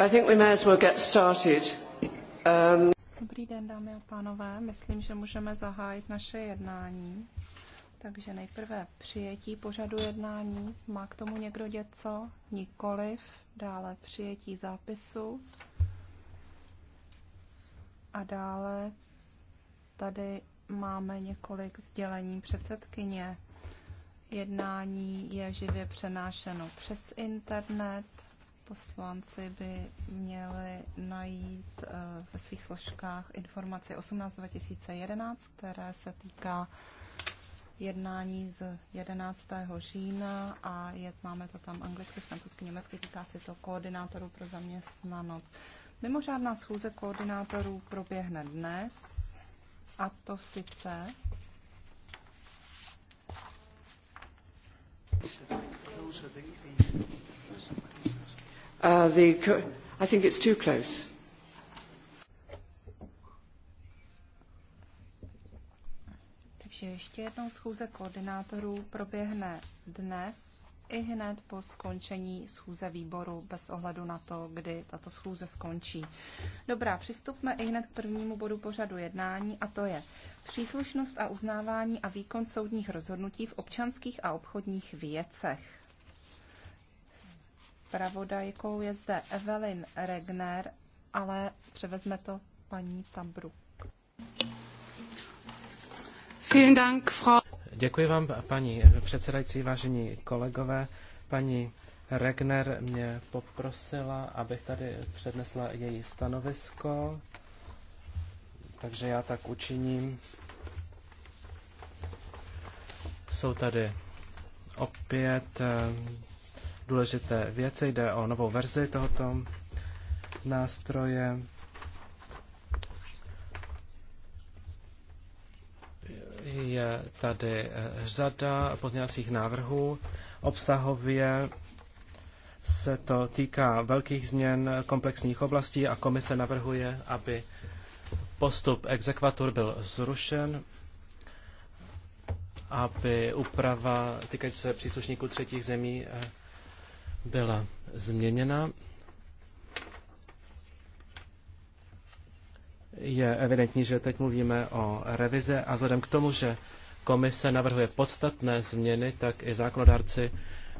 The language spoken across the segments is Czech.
Um, Dobrý den, dámy a pánové. Myslím, že můžeme zahájit naše jednání. Takže nejprve přijetí pořadu jednání. Má k tomu někdo něco? Nikoliv. Dále přijetí zápisu. A dále tady máme několik sdělení předsedkyně. Jednání je živě přenášeno přes internet poslanci by měli najít eh, ve svých složkách informaci 18 2011, které se týká jednání z 11. října a je, máme to tam anglicky, francouzsky, německy, týká se to koordinátorů pro zaměstnanost. Mimořádná schůze koordinátorů proběhne dnes, a to sice Thank you. Uh, the co- I think it's too close. Takže ještě jednou schůze koordinátorů proběhne dnes i hned po skončení schůze výboru, bez ohledu na to, kdy tato schůze skončí. Dobrá, přistupme i hned k prvnímu bodu pořadu jednání, a to je příslušnost a uznávání a výkon soudních rozhodnutí v občanských a obchodních věcech zpravodajkou je zde Evelyn Regner, ale převezme to paní Tambru. Děkuji vám, paní předsedající, vážení kolegové. Paní Regner mě poprosila, abych tady přednesla její stanovisko, takže já tak učiním. Jsou tady opět eh, důležité věci. Jde o novou verzi tohoto nástroje. Je tady eh, řada pozměňovacích návrhů. Obsahově se to týká velkých změn komplexních oblastí a komise navrhuje, aby postup exekvatur byl zrušen, aby úprava týkající se příslušníků třetích zemí eh, byla změněna. Je evidentní, že teď mluvíme o revize a vzhledem k tomu, že komise navrhuje podstatné změny, tak i zákonodárci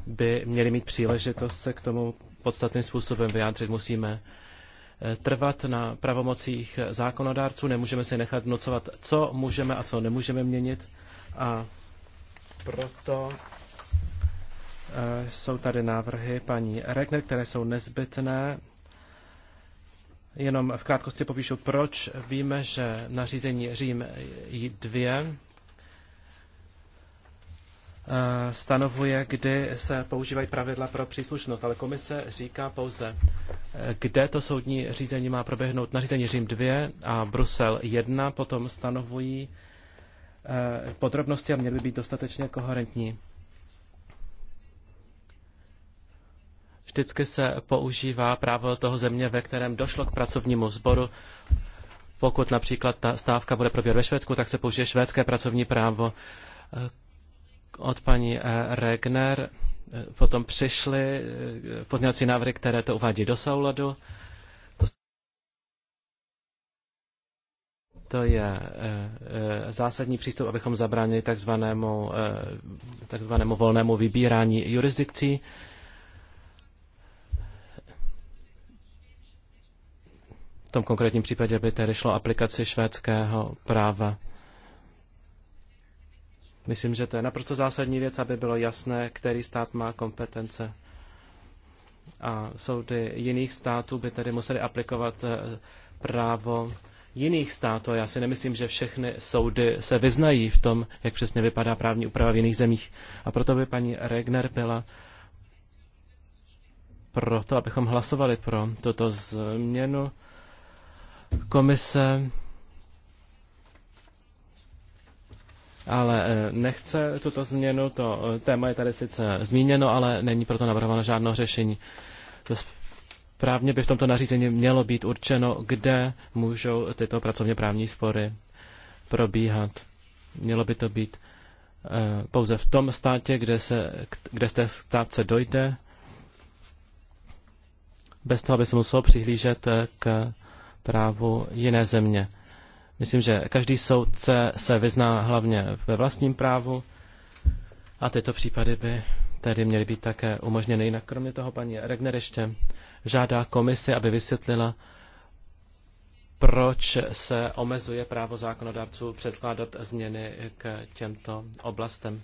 by měli mít příležitost se k tomu podstatným způsobem vyjádřit. Musíme eh, trvat na pravomocích zákonodárců, nemůžeme si nechat nocovat, co můžeme a co nemůžeme měnit. A proto Eh, jsou tady návrhy paní Regner, které jsou nezbytné. Jenom v krátkosti popíšu, proč víme, že nařízení Řím dvě eh, stanovuje, kdy se používají pravidla pro příslušnost, ale komise říká pouze, eh, kde to soudní řízení má proběhnout. Nařízení Řím 2 a Brusel 1 potom stanovují podrobnosti a měly by být dostatečně koherentní. Vždycky se používá právo toho země, ve kterém došlo k pracovnímu sboru. Pokud například ta stávka bude probíhat ve Švédsku, tak se použije švédské pracovní právo. Eh, od paní eh, Regner eh, potom přišly pozněvací návrhy, které to uvádí do souladu. To je zásadní přístup, abychom zabránili takzvanému, takzvanému volnému vybírání jurisdikcí. V tom konkrétním případě by tedy šlo aplikaci švédského práva. Myslím, že to je naprosto zásadní věc, aby bylo jasné, který stát má kompetence. A soudy jiných států by tedy museli aplikovat eh, právo jiných států. Já si nemyslím, že všechny soudy se vyznají v tom, jak přesně vypadá právní úprava v jiných zemích. A proto by paní Regner byla proto, abychom hlasovali pro tuto změnu komise ale eh, nechce tuto změnu, to eh, téma je tady sice zmíněno, ale není proto navrhováno žádné řešení. To správně by v tomto nařízení mělo být určeno, kde můžou tyto pracovně právní spory probíhat. Mělo by to být eh, pouze v tom státě, kde, se, kde z té státce dojde, bez toho, aby se muselo přihlížet k právu jiné země. Myslím, že každý soudce se vyzná hlavně ve vlastním právu a tyto případy by tedy měly být také umožněny. Jinak kromě toho paní Regner ještě žádá komisi, aby vysvětlila, proč se omezuje právo zákonodárců předkládat změny k těmto oblastem.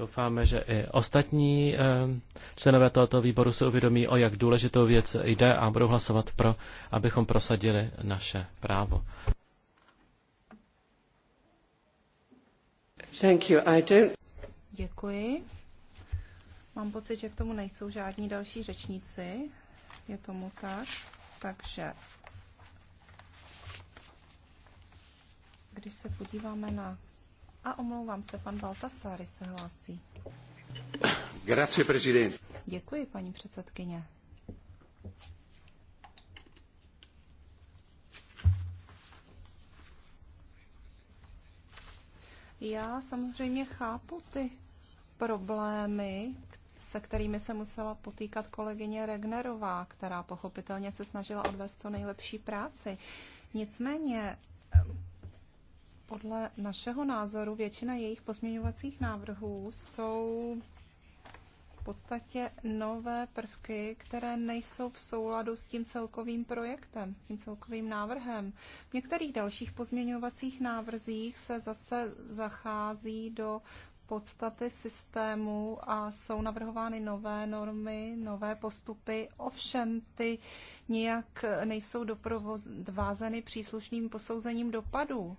Doufáme, že i ostatní eh, členové tohoto výboru se uvědomí, o jak důležitou věc jde a budou hlasovat pro, abychom prosadili naše právo. Thank you. I don't... Děkuji. Mám pocit, že k tomu nejsou žádní další řečníci. Je tomu tak. Takže když se podíváme na a omlouvám se, pan Baltasary se hlásí. Grazie, prezident. Děkuji, paní předsedkyně. Já samozřejmě chápu ty problémy, se kterými se musela potýkat kolegyně Regnerová, která pochopitelně se snažila odvést co nejlepší práci. Nicméně podle našeho názoru většina jejich pozměňovacích návrhů jsou v podstatě nové prvky, které nejsou v souladu s tím celkovým projektem, s tím celkovým návrhem. V některých dalších pozměňovacích návrzích se zase zachází do podstaty systému a jsou navrhovány nové normy, nové postupy, ovšem ty nijak nejsou doprovázeny příslušným posouzením dopadů.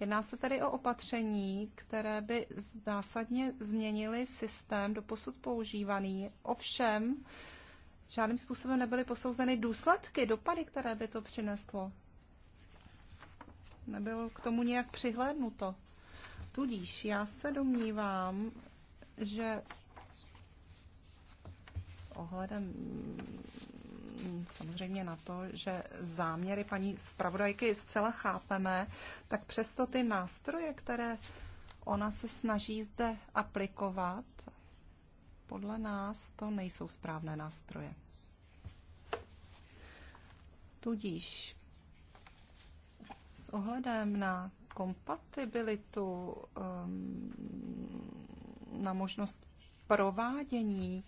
Jedná se tedy o opatření, které by zásadně změnily systém doposud používaný. Ovšem, žádným způsobem nebyly posouzeny důsledky, dopady, které by to přineslo. Nebylo k tomu nějak přihlédnuto. Tudíž já se domnívám, že s ohledem samozřejmě na to, že záměry paní zpravodajky zcela chápeme, tak přesto ty nástroje, které ona se snaží zde aplikovat, podle nás to nejsou správné nástroje. Tudíž s ohledem na kompatibilitu, um, na možnost provádění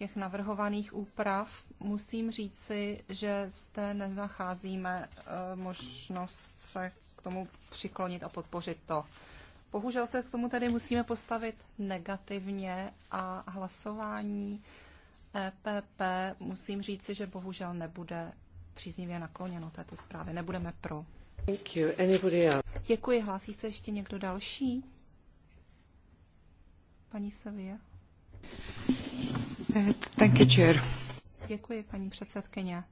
těch navrhovaných úprav, musím říci, že zde nenacházíme eh, možnost se k tomu přiklonit a podpořit to. Bohužel se k tomu tedy musíme postavit negativně a hlasování EPP musím říci, že bohužel nebude příznivě nakloněno této zprávě. Nebudeme pro. Thank you. Anybody else? Děkuji. Hlásí se ještě někdo další? Paní Savia. Thank you, chair. Děkuji, paní předsedkyně.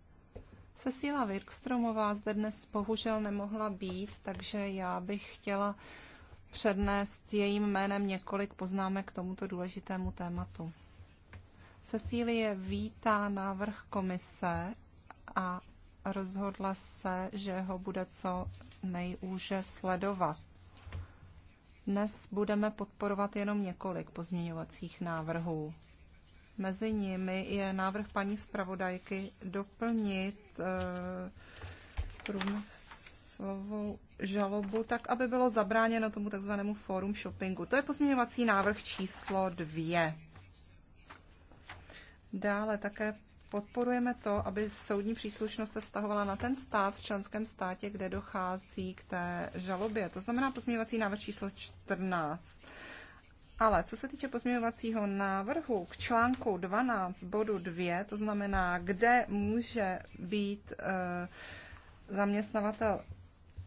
Cecíla Wirkstromová zde dnes bohužel nemohla být, takže já bych chtěla přednést jejím jménem několik poznámek k tomuto důležitému tématu. Cecílie vítá návrh komise a rozhodla se, že ho bude co nejúže sledovat. Dnes budeme podporovat jenom několik pozměňovacích návrhů. Mezi nimi je návrh paní zpravodajky doplnit průmyslovou eh, žalobu tak, aby bylo zabráněno tomu takzvanému forum shoppingu. To je pozměňovací návrh číslo dvě. Dále také podporujeme to, aby soudní příslušnost se vztahovala na ten stát v členském státě, kde dochází k té žalobě. To znamená pozměňovací návrh číslo 14. Ale co se týče pozměňovacího návrhu k článku 12 bodu 2, to znamená, kde může být e, zaměstnavatel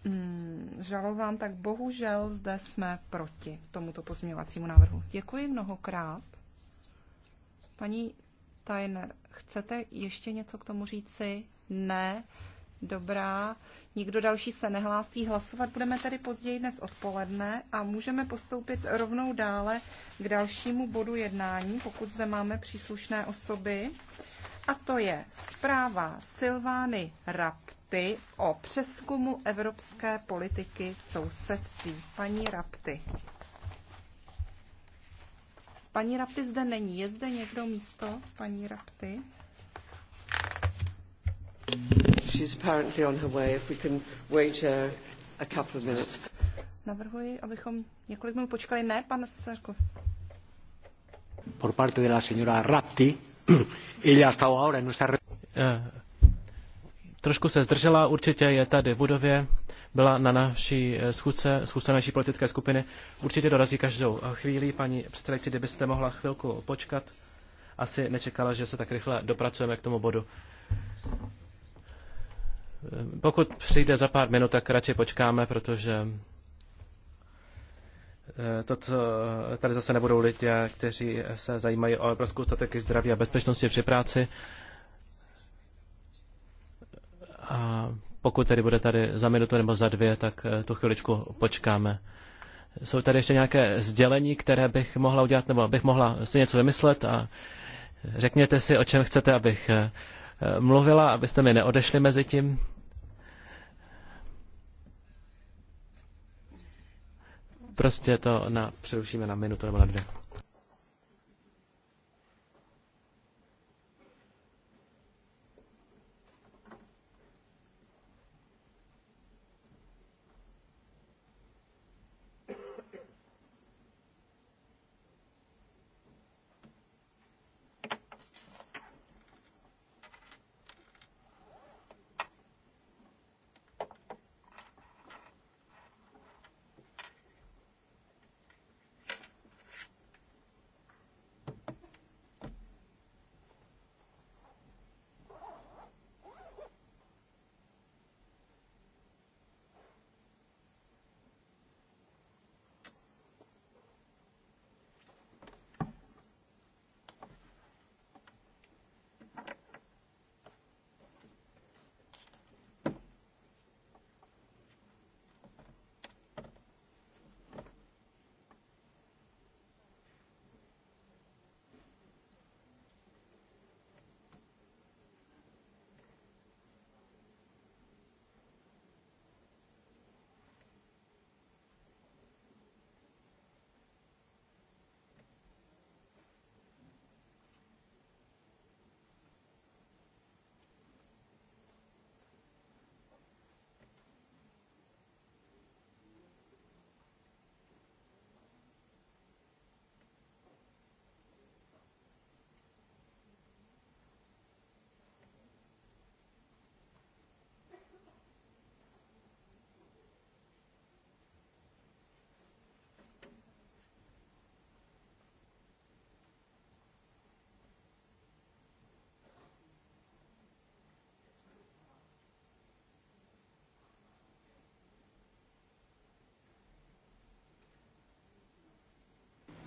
mm, žalován, tak bohužel zde jsme proti tomuto pozměňovacímu návrhu. Děkuji mnohokrát. Paní Tajner, chcete ještě něco k tomu říci? Ne. Dobrá nikdo další se nehlásí. Hlasovat budeme tedy později dnes odpoledne a můžeme postoupit rovnou dále k dalšímu bodu jednání, pokud zde máme příslušné osoby. A to je zpráva Silvány Rapty o přeskumu evropské politiky sousedství. Paní Rapty. Paní Rapty zde není. Je zde někdo místo paní Rapty? She's apparently on her way. If we can wait a, a couple of minutes. Navrhuji, abychom několik minut počkali. Ne, pane Sarko. Por parte de la señora Rapti, ella ha estado ahora en nuestra... Eh, trošku se zdržela, určitě je tady v budově, byla na naší eh, schůzce, schůzce naší politické skupiny. Určitě dorazí každou chvíli. Paní předsedající, kdybyste mohla chvilku počkat, asi nečekala, že se tak rychle dopracujeme k tomu bodu. Pokud přijde za pár minut, tak radši počkáme, protože eh, to, co tady zase nebudou lidé, kteří se zajímají o evropskou statiky zdraví a bezpečnosti při práci. A pokud tedy bude tady za minutu nebo za dvě, tak eh, tu chviličku počkáme. Jsou tady ještě nějaké sdělení, které bych mohla udělat, nebo bych mohla si něco vymyslet a řekněte si, o čem chcete, abych eh, mluvila, abyste mi neodešli mezi tím. Prostě to na, přerušíme na minutu nebo na dvě.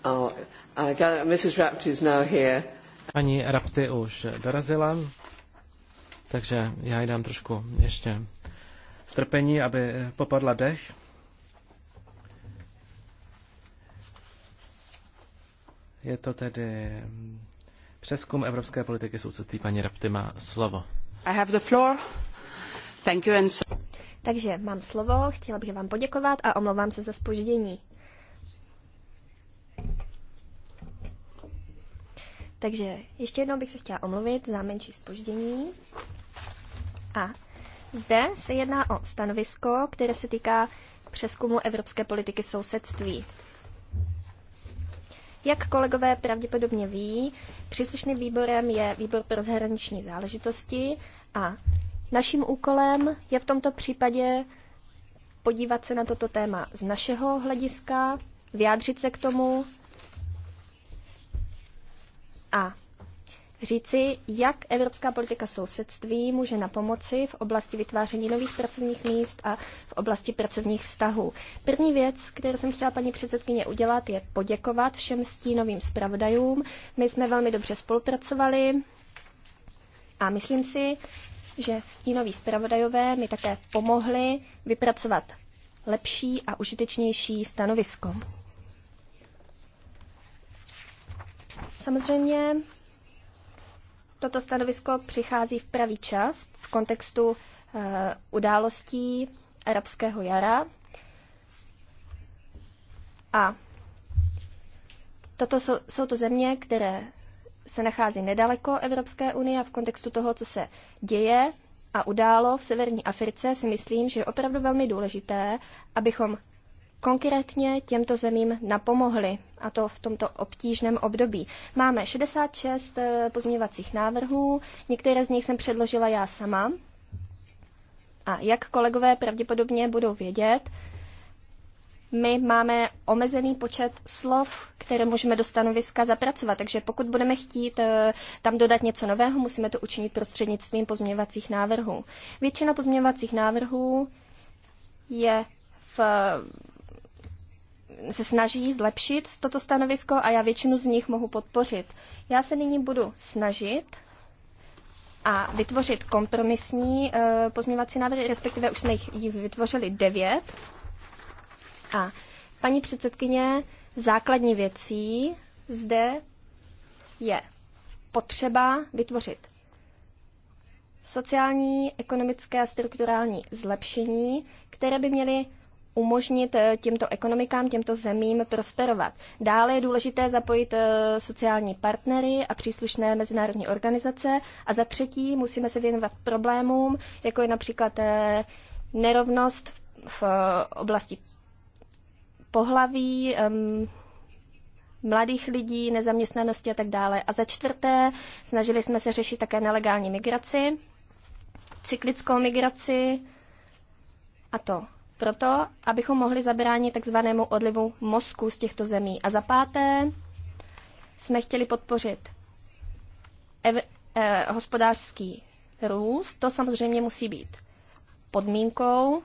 Oh, Rapti Paní Rapti už dorazila, takže já jí dám trošku ještě strpení, aby eh, popadla dech. Je to tedy mm, přeskum evropské politiky soucití. Paní Rapti má slovo. I have the floor. Thank you and so... Takže mám slovo, chtěla bych vám poděkovat a omlouvám se za spoždění. Takže ještě jednou bych se chtěla omluvit za menší spoždění. A zde se jedná o stanovisko, které se týká přeskumu evropské politiky sousedství. Jak kolegové pravděpodobně ví, příslušným výborem je výbor pro zahraniční záležitosti a naším úkolem je v tomto případě podívat se na toto téma z našeho hlediska, vyjádřit se k tomu a říci, jak evropská politika sousedství může na pomoci v oblasti vytváření nových pracovních míst a v oblasti pracovních vztahů. První věc, kterou jsem chtěla paní předsedkyně udělat, je poděkovat všem stínovým zpravodajům. My jsme velmi dobře spolupracovali a myslím si, že stínoví zpravodajové mi také pomohli vypracovat lepší a užitečnější stanovisko. Samozřejmě toto stanovisko přichází v pravý čas v kontextu uh, událostí arabského jara. A toto jsou, jsou to země, které se nachází nedaleko Evropské unie a v kontextu toho, co se děje a událo v severní Africe, si myslím, že je opravdu velmi důležité, abychom konkrétně těmto zemím napomohli a to v tomto obtížném období. Máme 66 eh, pozměňovacích návrhů, některé z nich jsem předložila já sama. A jak kolegové pravděpodobně budou vědět, my máme omezený počet slov, které můžeme do stanoviska zapracovat, takže pokud budeme chtít eh, tam dodat něco nového, musíme to učinit prostřednictvím pozměňovacích návrhů. Většina pozměňovacích návrhů je v se snaží zlepšit toto stanovisko a já většinu z nich mohu podpořit. Já se nyní budu snažit a vytvořit kompromisní e, pozměňovací návrhy, respektive už jsme jich vytvořili devět. A paní předsedkyně, základní věcí zde je potřeba vytvořit sociální, ekonomické a strukturální zlepšení, které by měly umožnit eh, těmto ekonomikám, těmto zemím prosperovat. Dále je důležité zapojit eh, sociální partnery a příslušné mezinárodní organizace. A za třetí musíme se věnovat problémům, jako je například eh, nerovnost v oblasti pohlaví, mladých lidí, nezaměstnanosti a tak dále. A za čtvrté, snažili jsme se řešit také nelegální migraci, cyklickou migraci, a to proto, abychom mohli zabránit takzvanému odlivu mozku z těchto zemí. A za páté jsme chtěli podpořit ev- eh, hospodářský růst. To samozřejmě musí být podmínkou.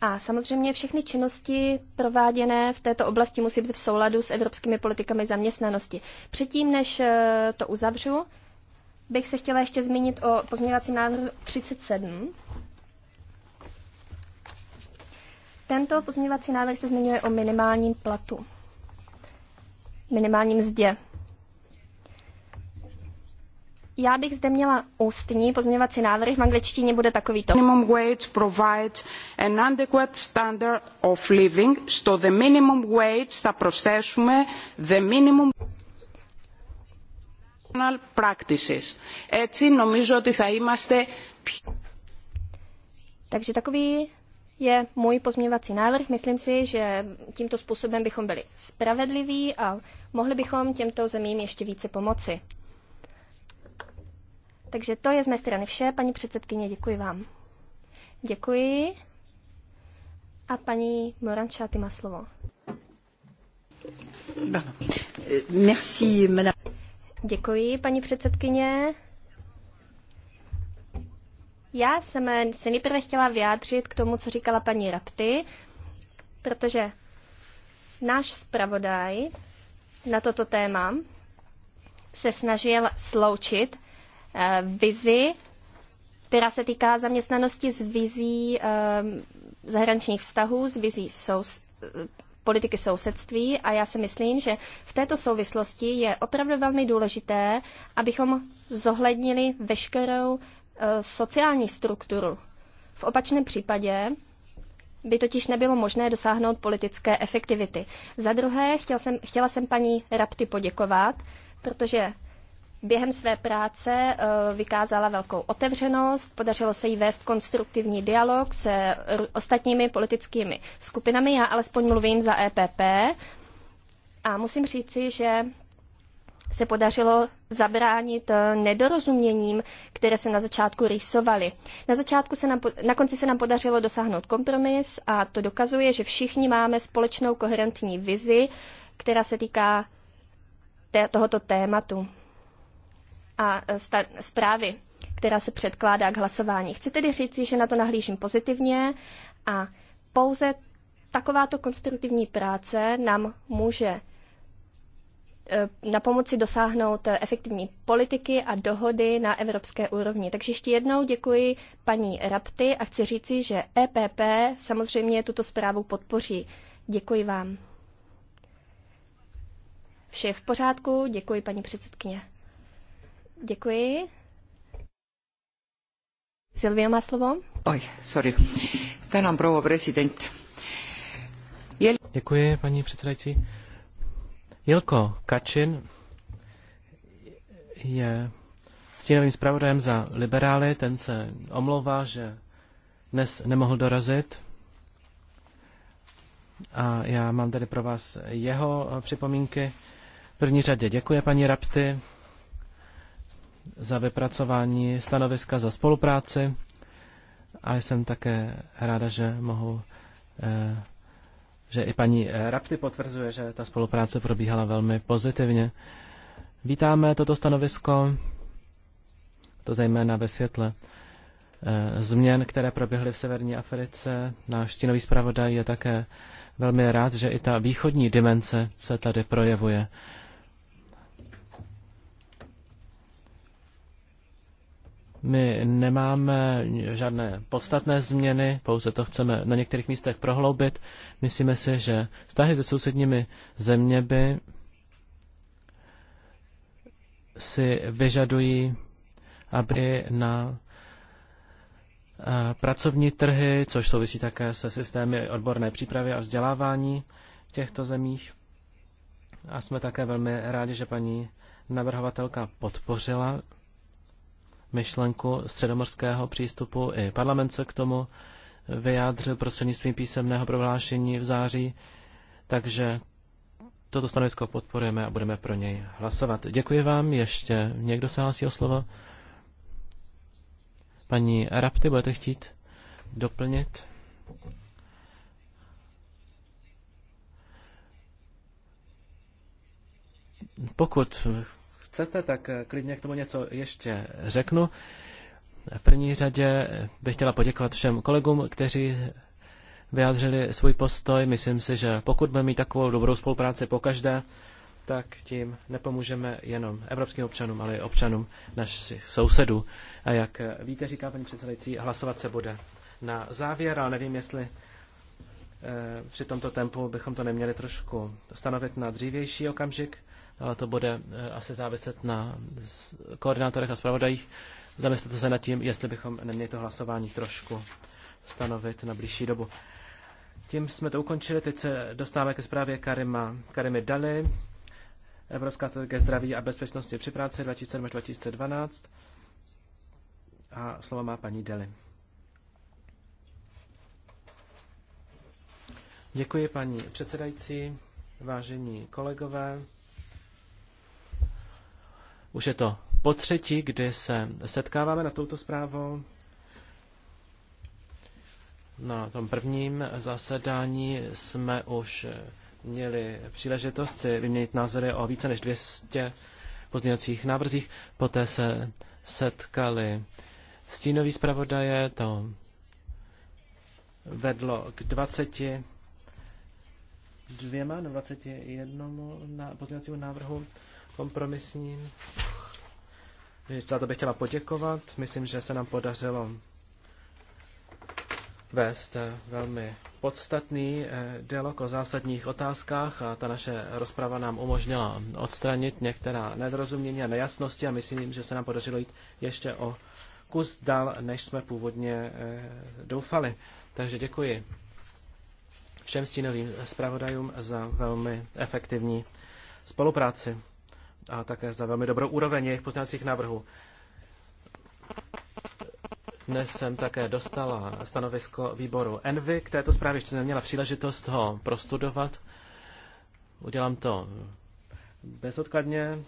A samozřejmě všechny činnosti prováděné v této oblasti musí být v souladu s evropskými politikami zaměstnanosti. Předtím, než eh, to uzavřu, bych se chtěla ještě zmínit o pozměňovacím návrhu 37. Tento pozměňovací návrh se zmiňuje o minimálním platu, minimálním mzdě. Já bych zde měla ústní pozměňovací návrh, v angličtině bude takovýto. Minimum wage provides an adequate standard of living, so the minimum wage θα προσθέσουμε the minimum practices. Έτσι νομίζω ότι θα είμαστε... Takže takový je můj pozměňovací návrh. Myslím si, že tímto způsobem bychom byli spravedliví a mohli bychom těmto zemím ještě více pomoci. Takže to je z mé strany vše. Paní předsedkyně, děkuji vám. Děkuji. A paní Moranča, ty má slovo. Merci, madame. Děkuji, paní předsedkyně. Já jsem se nejprve chtěla vyjádřit k tomu, co říkala paní Rapty, protože náš zpravodaj na toto téma se snažil sloučit eh, vizi, která se týká zaměstnanosti s vizí eh, zahraničních vztahů, s vizí sous, politiky sousedství a já si myslím, že v této souvislosti je opravdu velmi důležité, abychom zohlednili veškerou eh, sociální strukturu. V opačném případě by totiž nebylo možné dosáhnout politické efektivity. Za druhé, jsem, chtěla jsem paní Rapty poděkovat, protože během své práce eh, vykázala velkou otevřenost, podařilo se jí vést konstruktivní dialog se ostatními politickými skupinami. Já alespoň mluvím za EPP a musím říci, že se podařilo zabránit eh, nedorozuměním, které se na začátku rýsovaly. Na, začátku se nám, na konci se nám podařilo dosáhnout kompromis a to dokazuje, že všichni máme společnou koherentní vizi, která se týká tohoto tématu a zprávy, která se předkládá k hlasování. Chci tedy říci, že na to nahlížím pozitivně a pouze takováto konstruktivní práce nám může e, na pomoci dosáhnout efektivní politiky a dohody na evropské úrovni. Takže ještě jednou děkuji paní Rapty a chci říci, že EPP samozřejmě tuto zprávu podpoří. Děkuji vám. Vše je v pořádku, děkuji paní předsedkyně. Děkuji. Silvia má slovo. Oj, sorry. nám proua prezident. Jel... Děkuji, paní předsedající. Jelko Kačin je stínovým zpravodajem za liberály. Ten se omlouvá, že dnes nemohl dorazit. A já mám tady pro vás jeho připomínky. V první řadě děkuji paní Rapty za vypracování stanoviska, za spolupráci a jsem také ráda, že mohu, eh, že i paní eh, Rapty potvrzuje, že ta spolupráce probíhala velmi pozitivně. Vítáme toto stanovisko, to zejména ve světle eh, změn, které proběhly v severní Africe. Náš stínový zpravodaj je také velmi rád, že i ta východní dimenze se tady projevuje. My nemáme žádné podstatné změny, pouze to chceme na některých místech prohloubit. Myslíme si, že vztahy se sousedními zeměmi si vyžadují, aby na eh, pracovní trhy, což souvisí také se systémy odborné přípravy a vzdělávání v těchto zemích. A jsme také velmi rádi, že paní navrhovatelka podpořila myšlenku středomorského přístupu. I parlament se k tomu vyjádřil prostřednictvím písemného prohlášení v září, takže toto stanovisko podporujeme a budeme pro něj hlasovat. Děkuji vám. Ještě někdo se hlásí o slovo? Paní Rapty, budete chtít doplnit? Pokud chcete, tak eh, klidně k tomu něco ještě řeknu. V první řadě bych chtěla poděkovat všem kolegům, kteří vyjádřili svůj postoj. Myslím si, že pokud budeme mít takovou dobrou spolupráci po každé, tak tím nepomůžeme jenom evropským občanům, ale i občanům našich sousedů. A jak víte, říká paní předsedající, hlasovat se bude na závěr, ale nevím, jestli eh, při tomto tempu bychom to neměli trošku stanovit na dřívější okamžik ale to bude eh, asi záviset na koordinátorech a zpravodajích. Zamyslete se nad tím, jestli bychom neměli to hlasování trošku stanovit na blížší dobu. Tím jsme to ukončili, teď se dostáváme ke zprávě Karima, Karimy Dali, Evropská strategie zdraví a bezpečnosti při práci 2007-2012. A slovo má paní Deli. Děkuji paní předsedající, vážení kolegové. Už je to po třetí, kdy se setkáváme na touto zprávou. Na tom prvním zasedání jsme už měli příležitost si vyměnit názory o více než 200 pozměňovacích návrzích. Poté se setkali stínoví zpravodaje, to vedlo k 20 dvěma, 21 pozměňovacímu návrhu kompromisní. Za to bych chtěla poděkovat. Myslím, že se nám podařilo vést velmi podstatný eh, dialog o zásadních otázkách a ta naše rozprava nám umožnila odstranit některá nedorozumění a nejasnosti a myslím, že se nám podařilo jít ještě o kus dál, než jsme původně eh, doufali. Takže děkuji všem stínovým zpravodajům za velmi efektivní spolupráci a také za velmi dobrou úroveň jejich poznávacích návrhů. Dnes jsem také dostala stanovisko výboru Envy. K této zprávě ještě neměla příležitost ho prostudovat. Udělám to bezodkladně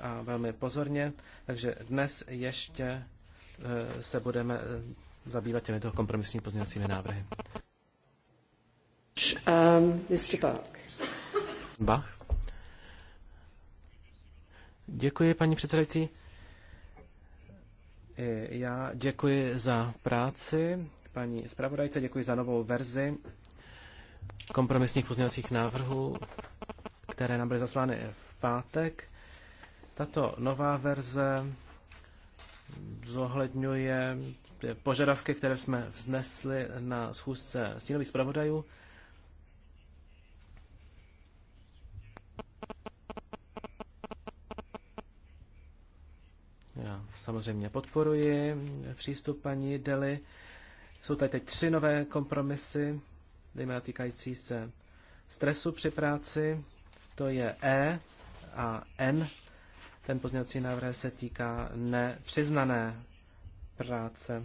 a velmi pozorně, takže dnes ještě eh, se budeme eh, zabývat těmito kompromisními pozměňovacími návrhy. Um, Bach. Děkuji, paní předsedající. E, já děkuji za práci, paní zpravodajce, děkuji za novou verzi kompromisních pozměňovacích návrhů, které nám byly zaslány v pátek. Tato nová verze zohledňuje požadavky, které jsme vznesli na schůzce stínových zpravodajů. samozřejmě podporuji přístup paní Deli. Jsou tady teď tři nové kompromisy, Dejme na týkající se stresu při práci. To je E a N. Ten pozměňovací návrh se týká nepřiznané práce.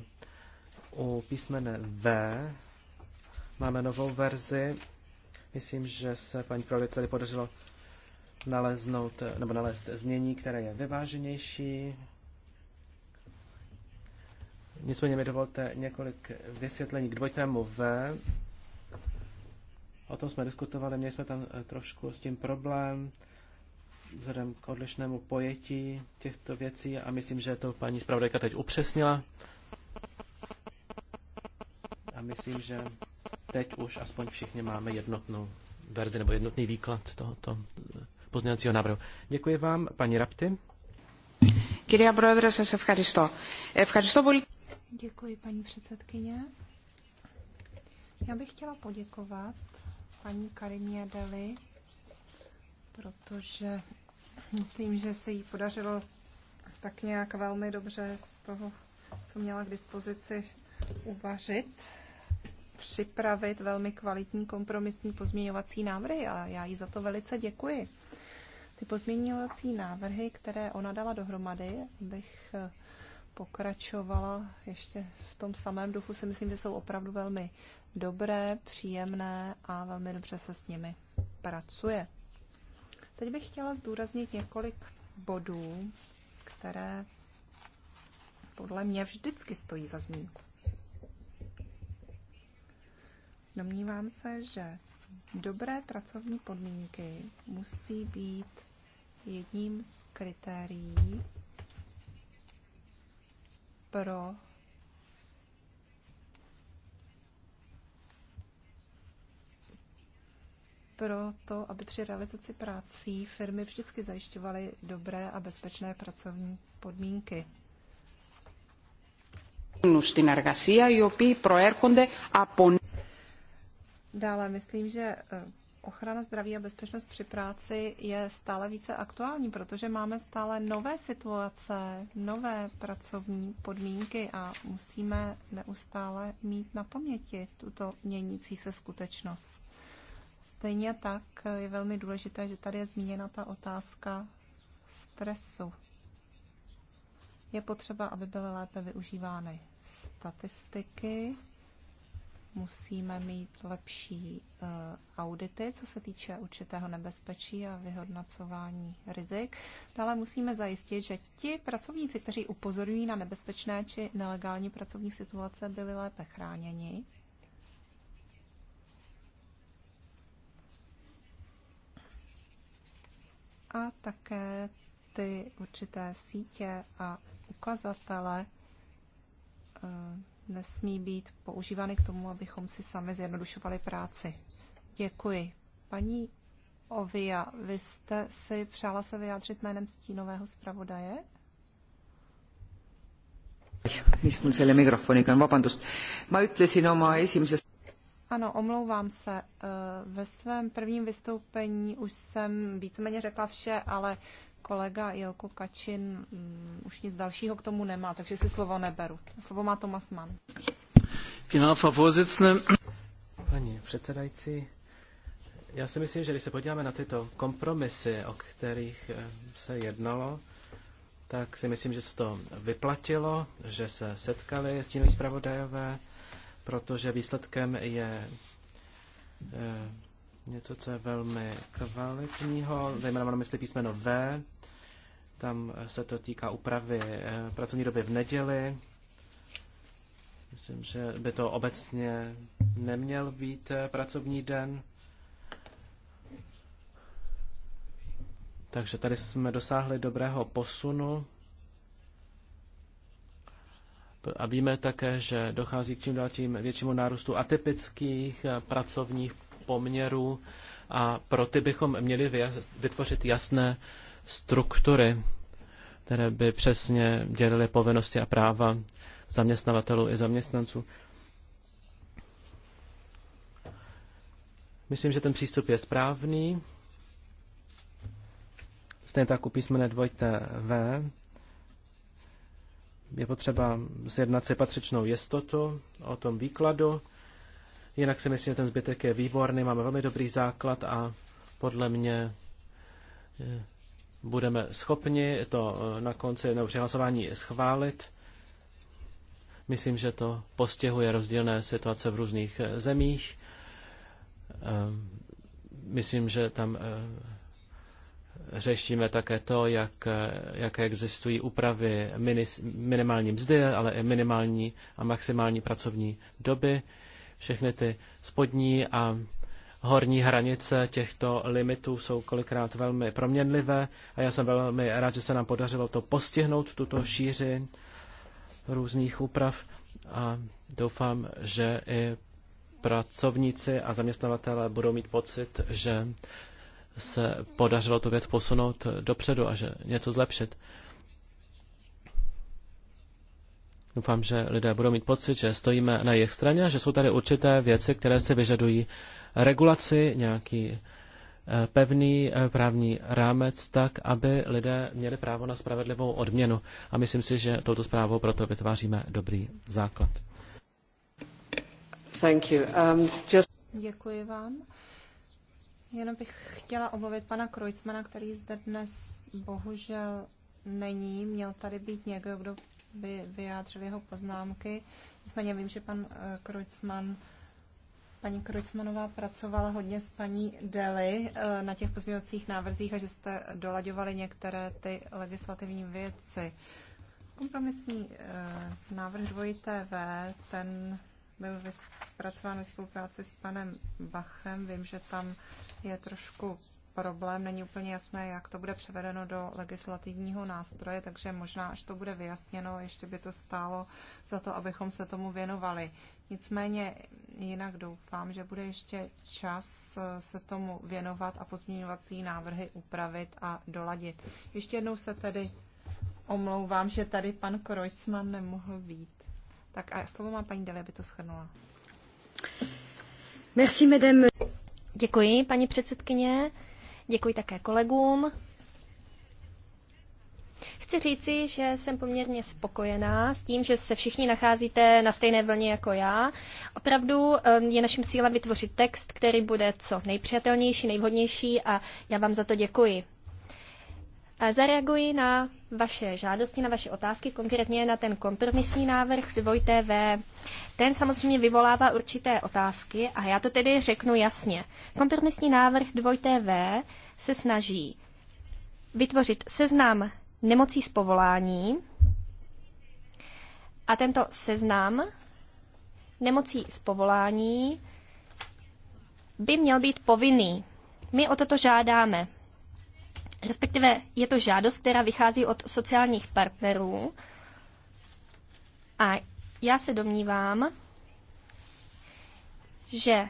U písmene V máme novou verzi. Myslím, že se paní Prolic tady podařilo naleznout, nebo nalézt znění, které je vyváženější, Nicméně mi dovolte několik vysvětlení k dvojitému V. O tom jsme diskutovali, měli jsme tam eh, trošku s tím problém, vzhledem k odlišnému pojetí těchto věcí a myslím, že to paní zpravodajka teď upřesnila. A myslím, že teď už aspoň všichni máme jednotnou verzi nebo jednotný výklad tohoto eh, pozměňovacího návrhu. Děkuji vám, paní Rapty. Κυρία Πρόεδρε, se ευχαριστώ. Ευχαριστώ πολύ. Děkuji, paní předsedkyně. Já bych chtěla poděkovat paní Karimě Deli, protože myslím, že se jí podařilo tak nějak velmi dobře z toho, co měla k dispozici, uvařit, připravit velmi kvalitní kompromisní pozměňovací návrhy a já jí za to velice děkuji. Ty pozměňovací návrhy, které ona dala dohromady, bych eh, pokračovala ještě v tom samém duchu, si myslím, že jsou opravdu velmi dobré, příjemné a velmi dobře se s nimi pracuje. Teď bych chtěla zdůraznit několik bodů, které podle mě vždycky stojí za zmínku. Domnívám se, že dobré pracovní podmínky musí být jedním z kritérií pro pro to, aby při realizaci prací firmy vždycky zajišťovaly dobré a bezpečné pracovní podmínky. Dále myslím, že eh, ochrana zdraví a bezpečnost při práci je stále více aktuální, protože máme stále nové situace, nové pracovní podmínky a musíme neustále mít na paměti tuto měnící se skutečnost. Stejně tak je velmi důležité, že tady je zmíněna ta otázka stresu. Je potřeba, aby byly lépe využívány statistiky, musíme mít lepší uh, audity, co se týče určitého nebezpečí a vyhodnocování rizik. Dále musíme zajistit, že ti pracovníci, kteří upozorňují na nebezpečné či nelegální pracovní situace, byli lépe chráněni. A také ty určité sítě a ukazatele uh, nesmí být používány k tomu, abychom si sami zjednodušovali práci. Děkuji. Paní Ovia, vy jste si přála se vyjádřit jménem stínového zpravodaje? Ano, omlouvám se. Eh, ve svém prvním vystoupení už jsem víceméně řekla vše, ale Kolega Jelko Kačin um, už nic dalšího k tomu nemá, takže si slovo neberu. Slovo má Tomas Mann. Paní předsedající, já si myslím, že když se podíváme na tyto kompromisy, o kterých eh, se jednalo, tak si myslím, že se to vyplatilo, že se setkali stínoví zpravodajové, protože výsledkem je eh, něco, co je velmi kvalitního, zejména mám na mysli písmeno V, tam se to týká úpravy eh, pracovní doby v neděli. Myslím, že by to obecně neměl být eh, pracovní den. Takže tady jsme dosáhli dobrého posunu. A víme také, že dochází k čím dál tím většímu nárůstu atypických eh, pracovních poměrů a pro ty bychom měli vytvořit jasné struktury, které by přesně dělily povinnosti a práva zaměstnavatelů i zaměstnanců. Myslím, že ten přístup je správný. Stejně tak u písmene dvojte V je potřeba zjednat si patřičnou jistotu o tom výkladu Jinak si myslím, že ten zbytek je výborný, máme velmi dobrý základ a podle mě eh, budeme schopni to eh, na konci jednoho přihlasování schválit. Myslím, že to postihuje rozdílné situace v různých eh, zemích. Myslím, že tam řešíme také to, jak, jak existují úpravy minis, minimální mzdy, ale i minimální a maximální pracovní doby všechny ty spodní a horní hranice těchto limitů jsou kolikrát velmi proměnlivé a já jsem velmi rád, že se nám podařilo to postihnout, tuto šíři různých úprav a doufám, že i pracovníci a zaměstnavatele budou mít pocit, že se podařilo tu věc posunout dopředu a že něco zlepšit. Doufám, že lidé budou mít pocit, že stojíme na jejich straně že jsou tady určité věci, které se vyžadují regulaci, nějaký eh, pevný eh, právní rámec tak, aby lidé měli právo na spravedlivou odměnu. A myslím si, že touto zprávou proto vytváříme dobrý základ. Thank you. Um, just... Děkuji vám. Jenom bych chtěla omluvit pana Krojcmana, který zde dnes bohužel není. Měl tady být někdo, kdo by vyjádřil jeho poznámky. Nicméně vím, že pan eh, Kreutzmann, paní Kreutzmanová pracovala hodně s paní Deli eh, na těch pozměňovacích návrzích a že jste dolaďovali některé ty legislativní věci. Kompromisní eh, návrh dvojité V, ten byl vyspracován ve spolupráci s panem Bachem. Vím, že tam je trošku problém. Není úplně jasné, jak to bude převedeno do legislativního nástroje, takže možná, až to bude vyjasněno, ještě by to stálo za to, abychom se tomu věnovali. Nicméně jinak doufám, že bude ještě čas eh, se tomu věnovat a pozměňovací návrhy upravit a doladit. Ještě jednou se tedy omlouvám, že tady pan Krojcman nemohl být. Tak a slovo má paní Dele, aby to schrnula. Merci, madame. Děkuji, paní předsedkyně. Děkuji také kolegům. Chci říci, že jsem poměrně spokojená s tím, že se všichni nacházíte na stejné vlně jako já. Opravdu um, je naším cílem vytvořit text, který bude co nejpřijatelnější, nejvhodnější a já vám za to děkuji. Zareaguji na vaše žádosti, na vaše otázky, konkrétně na ten kompromisní návrh 2TV. Ten samozřejmě vyvolává určité otázky a já to tedy řeknu jasně. Kompromisní návrh 2TV se snaží vytvořit seznam nemocí z povolání a tento seznam nemocí z povolání by měl být povinný. My o toto žádáme. Respektive je to žádost, která vychází od sociálních partnerů. A já se domnívám, že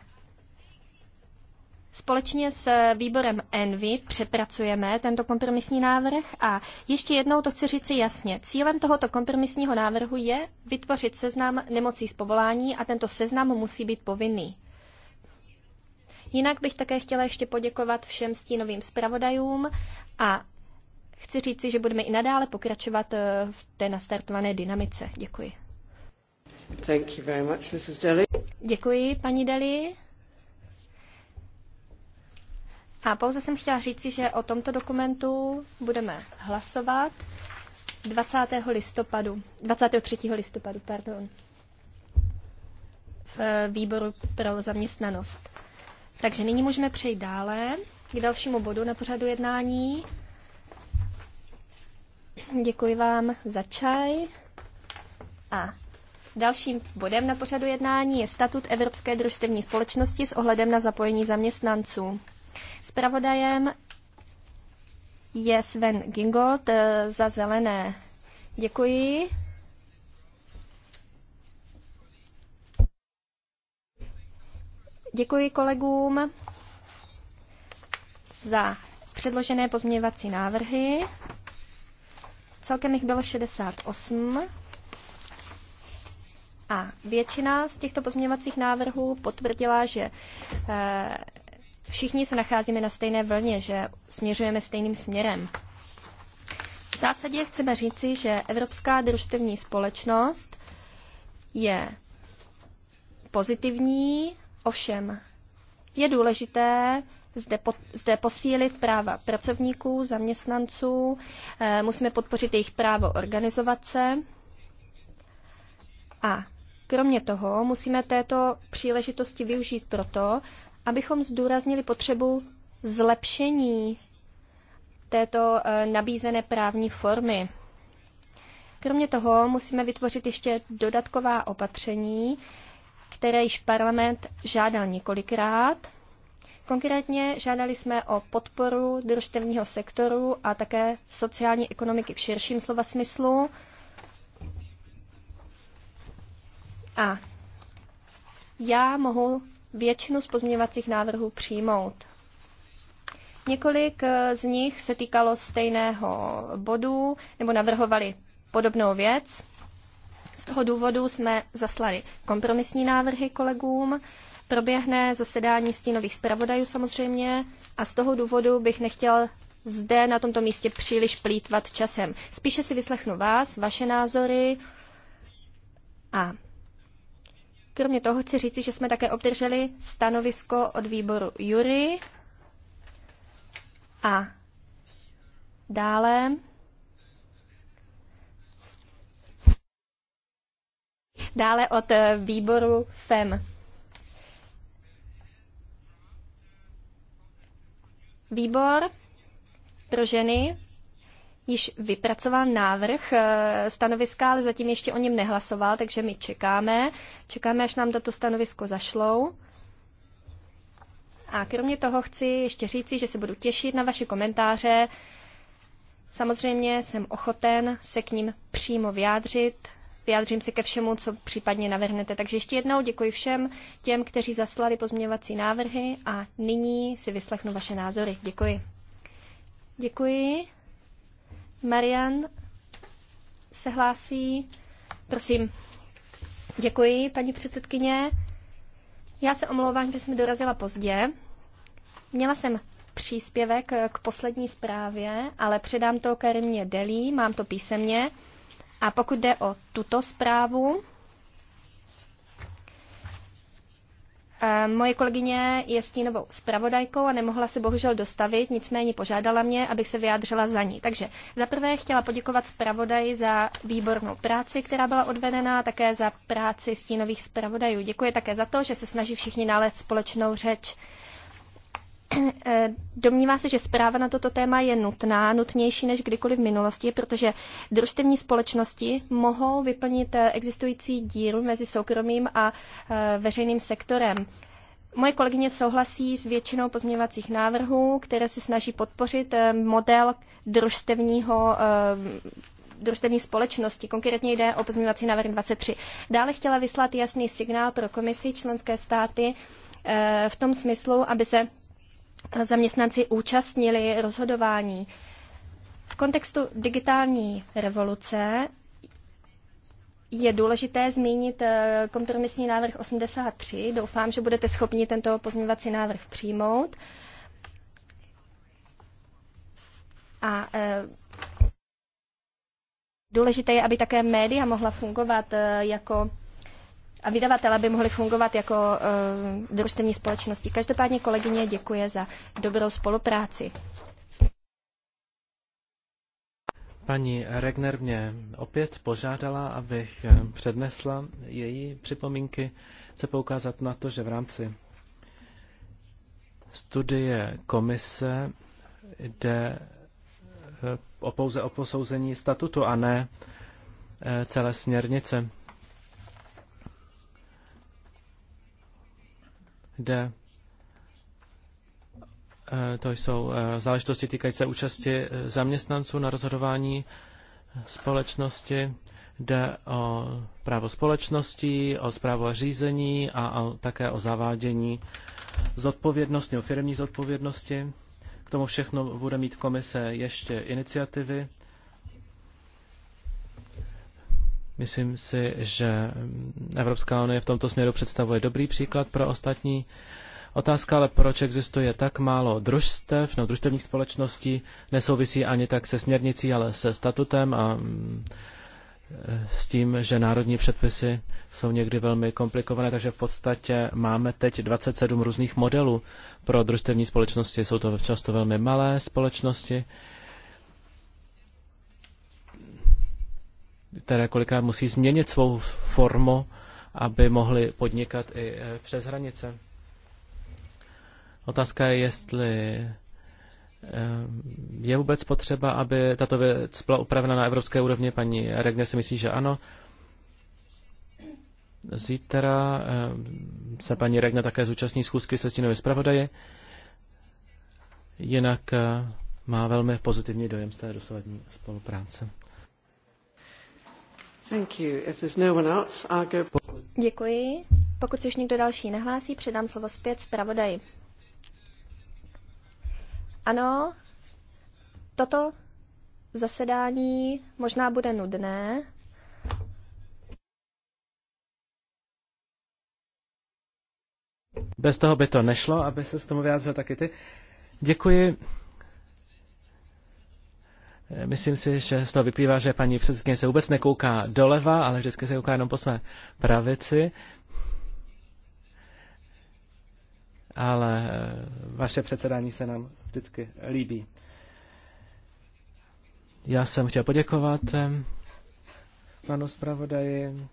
Společně s výborem Envy přepracujeme tento kompromisní návrh a ještě jednou to chci říct jasně. Cílem tohoto kompromisního návrhu je vytvořit seznam nemocí z povolání a tento seznam musí být povinný. Jinak bych také chtěla ještě poděkovat všem stínovým zpravodajům a chci říci, že budeme i nadále pokračovat eh, v té nastartované dynamice. Děkuji. Thank you very much, Mrs. Deli. Děkuji, paní Deli. A pouze jsem chtěla říci, že o tomto dokumentu budeme hlasovat 20. listopadu, 23. listopadu, pardon, v eh, výboru pro zaměstnanost. Takže nyní můžeme přejít dále k dalšímu bodu na pořadu jednání. Děkuji vám za čaj. A dalším bodem na pořadu jednání je statut Evropské družstevní společnosti s ohledem na zapojení zaměstnanců. Spravodajem je Sven Gingold eh, za zelené. Děkuji. Děkuji kolegům za předložené pozměňovací návrhy. Celkem jich bylo 68. A většina z těchto pozměňovacích návrhů potvrdila, že eh, všichni se nacházíme na stejné vlně, že směřujeme stejným směrem. V zásadě chceme říci, že Evropská družstevní společnost je pozitivní, ovšem je důležité zde, po, zde posílit práva pracovníků, zaměstnanců, eh, musíme podpořit jejich právo organizovat se a kromě toho musíme této příležitosti využít proto, abychom zdůraznili potřebu zlepšení této eh, nabízené právní formy. Kromě toho musíme vytvořit ještě dodatková opatření, které již parlament žádal několikrát Konkrétně žádali jsme o podporu družstevního sektoru a také sociální ekonomiky v širším slova smyslu. A já mohu většinu z pozměňovacích návrhů přijmout. Několik eh, z nich se týkalo stejného bodu nebo navrhovali podobnou věc. Z toho důvodu jsme zaslali kompromisní návrhy kolegům. Proběhne zasedání stínových zpravodajů samozřejmě a z toho důvodu bych nechtěl zde na tomto místě příliš plítvat časem. Spíše si vyslechnu vás, vaše názory a kromě toho chci říci, že jsme také obdrželi stanovisko od výboru Jury a dále dále od eh, výboru FEM. Výbor pro ženy již vypracoval návrh eh, stanoviska, ale zatím ještě o něm nehlasoval, takže my čekáme. Čekáme, až nám toto stanovisko zašlou. A kromě toho chci ještě říci, že se budu těšit na vaše komentáře. Samozřejmě jsem ochoten se k ním přímo vyjádřit vyjádřím se ke všemu, co případně navrhnete. Takže ještě jednou děkuji všem těm, kteří zaslali pozměňovací návrhy a nyní si vyslechnu vaše názory. Děkuji. Děkuji. Marian se hlásí. Prosím. Děkuji, paní předsedkyně. Já se omlouvám, že jsem dorazila pozdě. Měla jsem příspěvek k poslední zprávě, ale předám to Karimě Delí, mám to písemně. A pokud jde o tuto zprávu, eh, Moje kolegyně je stínovou zpravodajkou a nemohla se bohužel dostavit, nicméně požádala mě, abych se vyjádřila za ní. Takže za prvé chtěla poděkovat zpravodaji za výbornou práci, která byla odvedena, a také za práci stínových zpravodajů. Děkuji také za to, že se snaží všichni nalézt společnou řeč. Eh, domnívá se, že zpráva na toto téma je nutná, nutnější než kdykoliv v minulosti, protože družstevní společnosti mohou vyplnit eh, existující díl mezi soukromým a eh, veřejným sektorem. Moje kolegyně souhlasí s většinou pozměňovacích návrhů, které se snaží podpořit model družstevního družstevní společnosti. Konkrétně jde o pozměňovací návrh 23. Dále chtěla vyslat jasný signál pro komisi členské státy v tom smyslu, aby se zaměstnanci účastnili rozhodování. V kontextu digitální revoluce je důležité zmínit eh, kompromisní návrh 83. Doufám, že budete schopni tento pozměňovací návrh přijmout. A eh, důležité je, aby také média mohla fungovat eh, jako a vydavatele by mohli fungovat jako uh, družstevní společnosti. Každopádně kolegyně děkuje za dobrou spolupráci. Paní Regner mě opět požádala, abych eh, přednesla její připomínky. Chce poukázat na to, že v rámci studie komise jde eh, o pouze o posouzení statutu a ne celé směrnice. kde eh, to jsou eh, záležitosti týkající se účasti eh, zaměstnanců na rozhodování společnosti. Jde o právo společností, o zprávu řízení a také o zavádění zodpovědnosti, o firmní zodpovědnosti. K tomu všechno bude mít komise ještě iniciativy Myslím si, že Evropská unie v tomto směru představuje dobrý příklad pro ostatní. Otázka ale, proč existuje tak málo družstev, no družstevních společností, nesouvisí ani tak se směrnicí, ale se statutem a mm, s tím, že národní předpisy jsou někdy velmi komplikované, takže v podstatě máme teď 27 různých modelů pro družstevní společnosti. Jsou to často velmi malé společnosti, které kolikrát musí změnit svou formu, aby mohly podnikat i e, přes hranice. Otázka je, jestli e, je vůbec potřeba, aby tato věc byla upravena na evropské úrovni? Paní Regner si myslí, že ano. Zítra e, se paní Regner také zúčastní schůzky se stínovým zpravodaji. Jinak má velmi pozitivní dojem z té dosavadní spolupráce. No Děkuji. Pokud se už nikdo další nehlásí, předám slovo zpět zpravodaji. Ano, toto zasedání možná bude nudné. Bez toho by to nešlo, aby se s tomu vyjádřil taky ty. Děkuji Eh, myslím si, že z toho vyplývá, že paní předsedkyně se vůbec nekouká doleva, ale vždycky se kouká jenom po své pravici. Ale eh, vaše předsedání se nám vždycky líbí. Já jsem chtěl poděkovat eh, panu zpravodaji.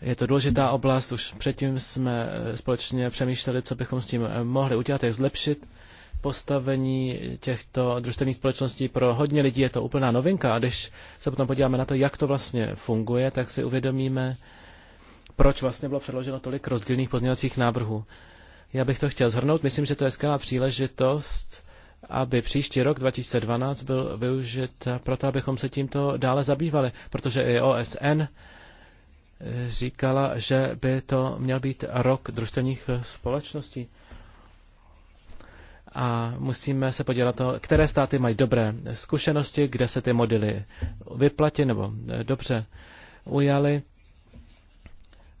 Je to důležitá oblast, už předtím jsme společně přemýšleli, co bychom s tím mohli udělat, jak zlepšit postavení těchto družstevních společností pro hodně lidí je to úplná novinka a když se potom podíváme na to, jak to vlastně funguje, tak si uvědomíme, proč vlastně bylo předloženo tolik rozdílných pozměňovacích návrhů. Já bych to chtěl zhrnout. Myslím, že to je skvělá příležitost, aby příští rok 2012 byl využit proto, abychom se tímto dále zabývali, protože i OSN eh, říkala, že by to měl být rok družstevních eh, společností a musíme se podívat to, které státy mají dobré zkušenosti, kde se ty modely vyplatí nebo eh, dobře ujaly,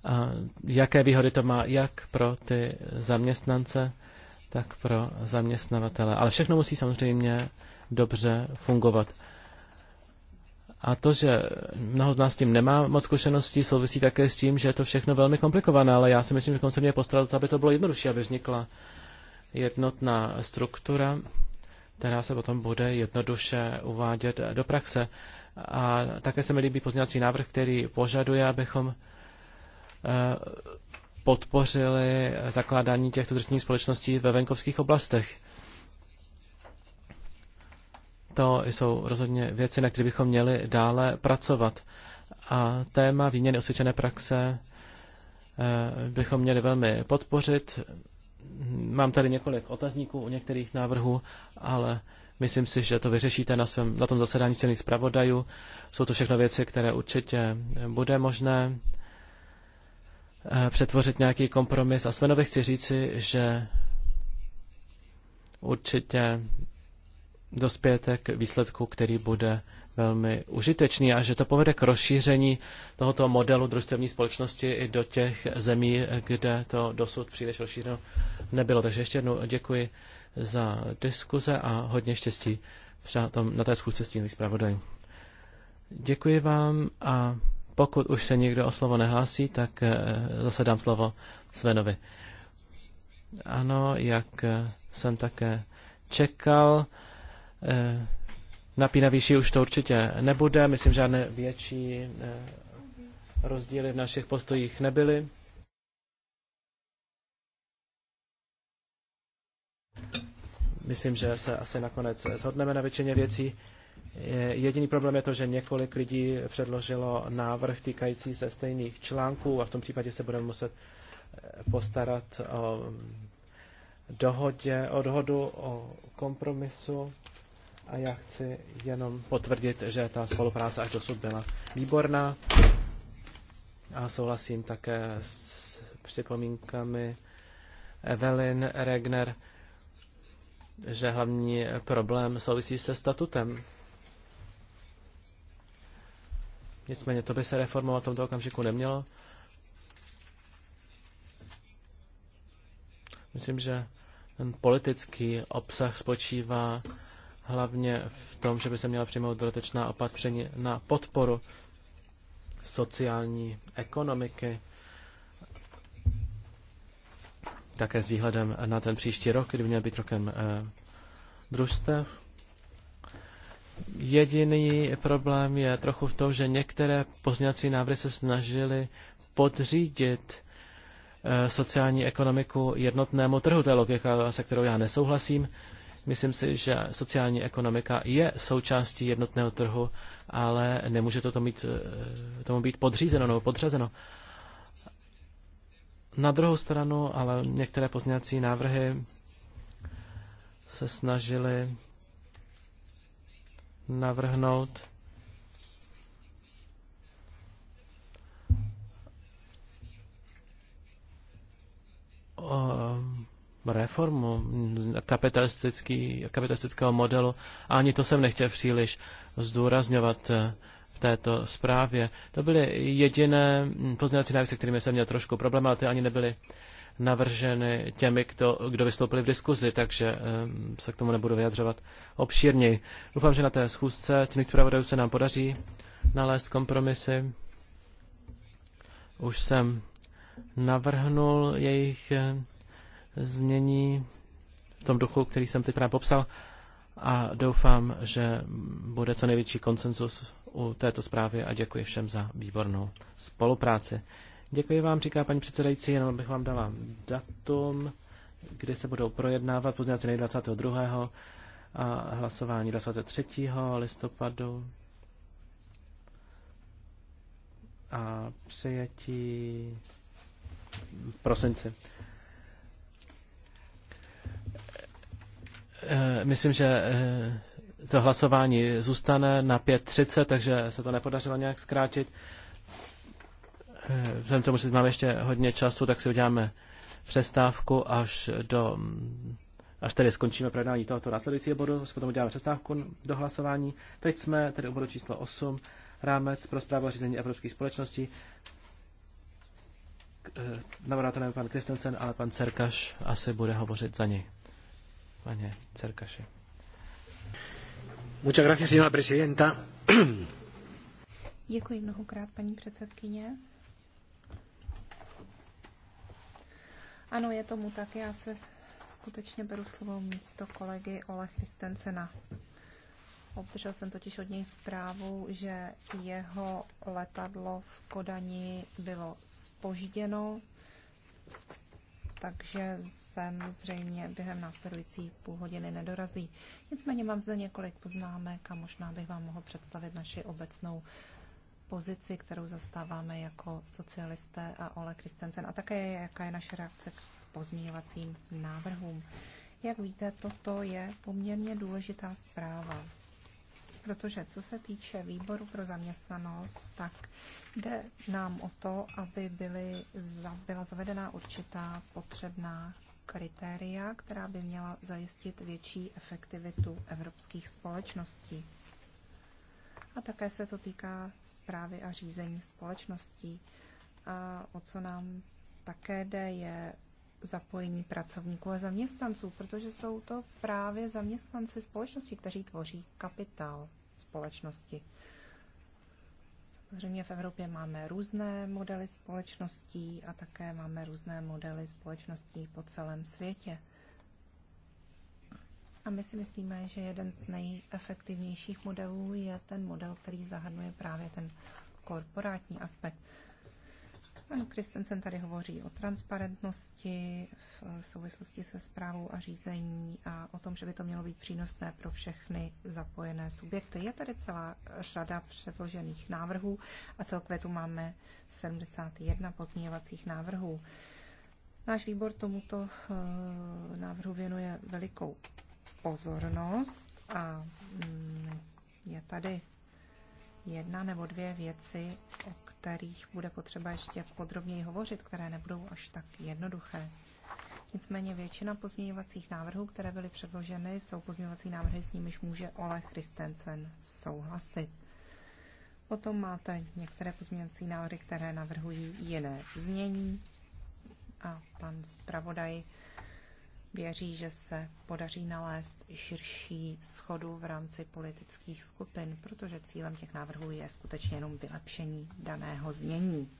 a jaké výhody to má jak pro ty zaměstnance, tak pro zaměstnavatele. Ale všechno musí samozřejmě dobře fungovat. A to, že mnoho z nás s tím nemá moc zkušeností, souvisí také s tím, že je to všechno velmi komplikované, ale já si myslím, že koncem mě postarat, aby to bylo jednodušší, aby vznikla uh, jednotná struktura, která se potom bude jednoduše uvádět do praxe. A také se mi líbí pozměňovací návrh, který požaduje, abychom eh, podpořili zakládání těchto tržních společností ve venkovských oblastech. To jsou rozhodně věci, na které bychom měli dále pracovat. A téma výměny osvědčené praxe eh, bychom měli velmi podpořit. Mám tady několik otazníků u některých návrhů, ale myslím si, že to vyřešíte na, svém, na tom zasedání silných zpravodajů. Jsou to všechno věci, které určitě bude možné eh, přetvořit nějaký kompromis. A Svenovi chci říci, že určitě dospějete k výsledku, který bude velmi užitečný a že to povede k rozšíření tohoto modelu družstevní společnosti i do těch zemí, kde to dosud příliš rozšířeno nebylo. Takže ještě jednou děkuji za diskuze a hodně štěstí na té schůzce tímhle zpravodajů. Děkuji vám a pokud už se někdo o slovo nehlásí, tak eh, zase dám slovo Svenovi. Ano, jak eh, jsem také čekal, eh, Napínavější už to určitě nebude, myslím, žádné větší eh, rozdíly v našich postojích nebyly. Myslím, že se asi nakonec shodneme na většině věcí. Jediný problém je to, že několik lidí předložilo návrh týkající se stejných článků a v tom případě se budeme muset eh, postarat o dohodě, o dohodu, o kompromisu. A já chci jenom potvrdit, že ta spolupráce až dosud byla výborná. A souhlasím také s připomínkami Evelyn Regner, že hlavní problém souvisí se statutem. Nicméně to by se reformovat v tomto okamžiku nemělo. Myslím, že ten politický obsah spočívá hlavně v tom, že by se měla přijmout dodatečná opatření na podporu sociální ekonomiky, také s výhledem na ten příští rok, kdy by měl být rokem eh, družstev. Jediný problém je trochu v tom, že některé pozněcí návrhy se snažily podřídit eh, sociální ekonomiku jednotnému trhu. To je logika, se kterou já nesouhlasím. Eh, Myslím si, že sociální ekonomika je součástí jednotného trhu, ale nemůže to mít, eh, tomu být podřízeno nebo podřazeno. Na druhou stranu, ale některé pozměňovací návrhy se snažily navrhnout o, reformu kapitalistického modelu. Ani to jsem nechtěl příliš zdůrazňovat eh, v této zprávě. To byly jediné hm, pozměňovací návrhy, se kterými jsem měl trošku problém, ale ty ani nebyly navrženy těmi, kdo, kdo vystoupili v diskuzi, takže um, se k tomu nebudu vyjadřovat obšírněji. Doufám, že na té schůzce těmi zpravodajů se nám podaří nalézt kompromisy. Už jsem navrhnul jejich hm, znění v tom duchu, který jsem teď právě popsal a doufám, že bude co největší konsenzus u této zprávy a děkuji všem za výbornou spolupráci. Děkuji vám, říká paní předsedající, jenom bych vám dala datum, kdy se budou projednávat pozdělací 22. a hlasování 23. listopadu a přijetí prosinci. Eh, myslím, že eh, to hlasování zůstane na 5.30, takže se to nepodařilo nějak zkrátit. Eh, vzhledem tomu, že máme ještě hodně času, tak si uděláme přestávku až do mm, až tedy skončíme projednání tohoto následujícího bodu, potom uděláme přestávku do hlasování. Teď jsme tedy u bodu číslo 8, rámec pro zprávu řízení evropských společností. Navrátelem pan Kristensen, ale pan Cerkaš asi bude hovořit za něj. Paně Cerkaši. Muchas gracias, señora presidenta. Děkuji mnohokrát, paní předsedkyně. Ano, je tomu tak. Já se skutečně beru slovo místo kolegy Ole Christensena. Obdržel jsem totiž od něj zprávu, že jeho letadlo v Kodani bylo spožděno takže sem zřejmě během následující půl hodiny nedorazí. Nicméně mám zde několik poznámek a možná bych vám mohl představit naši obecnou pozici, kterou zastáváme jako socialisté a Ole Kristensen a také jaká je naše reakce k pozměňovacím návrhům. Jak víte, toto je poměrně důležitá zpráva, protože co se týče výboru pro zaměstnanost, tak Jde nám o to, aby byly, byla zavedena určitá potřebná kritéria, která by měla zajistit větší efektivitu evropských společností. A také se to týká zprávy a řízení společností. A o co nám také jde, je zapojení pracovníků a zaměstnanců, protože jsou to právě zaměstnanci společnosti, kteří tvoří kapitál společnosti. Samozřejmě v Evropě máme různé modely společností a také máme různé modely společností po celém světě. A my si myslíme, že jeden z nejefektivnějších modelů je ten model, který zahrnuje právě ten korporátní aspekt. Pan Kristensen tady hovoří o transparentnosti v souvislosti se zprávou a řízení a o tom, že by to mělo být přínosné pro všechny zapojené subjekty. Je tady celá řada předložených návrhů a celkově tu máme 71 pozměňovacích návrhů. Náš výbor tomuto eh, návrhu věnuje velikou pozornost a mm, je tady jedna nebo dvě věci, o kterých bude potřeba ještě podrobněji hovořit, které nebudou až tak jednoduché. Nicméně většina pozměňovacích návrhů, které byly předloženy, jsou pozměňovací návrhy, s nimiž může Ole Christensen souhlasit. Potom máte některé pozměňovací návrhy, které navrhují jiné znění a pan zpravodaj věří, že se podaří nalézt širší schodu v rámci politických skupin, protože cílem těch návrhů je skutečně jenom vylepšení daného znění.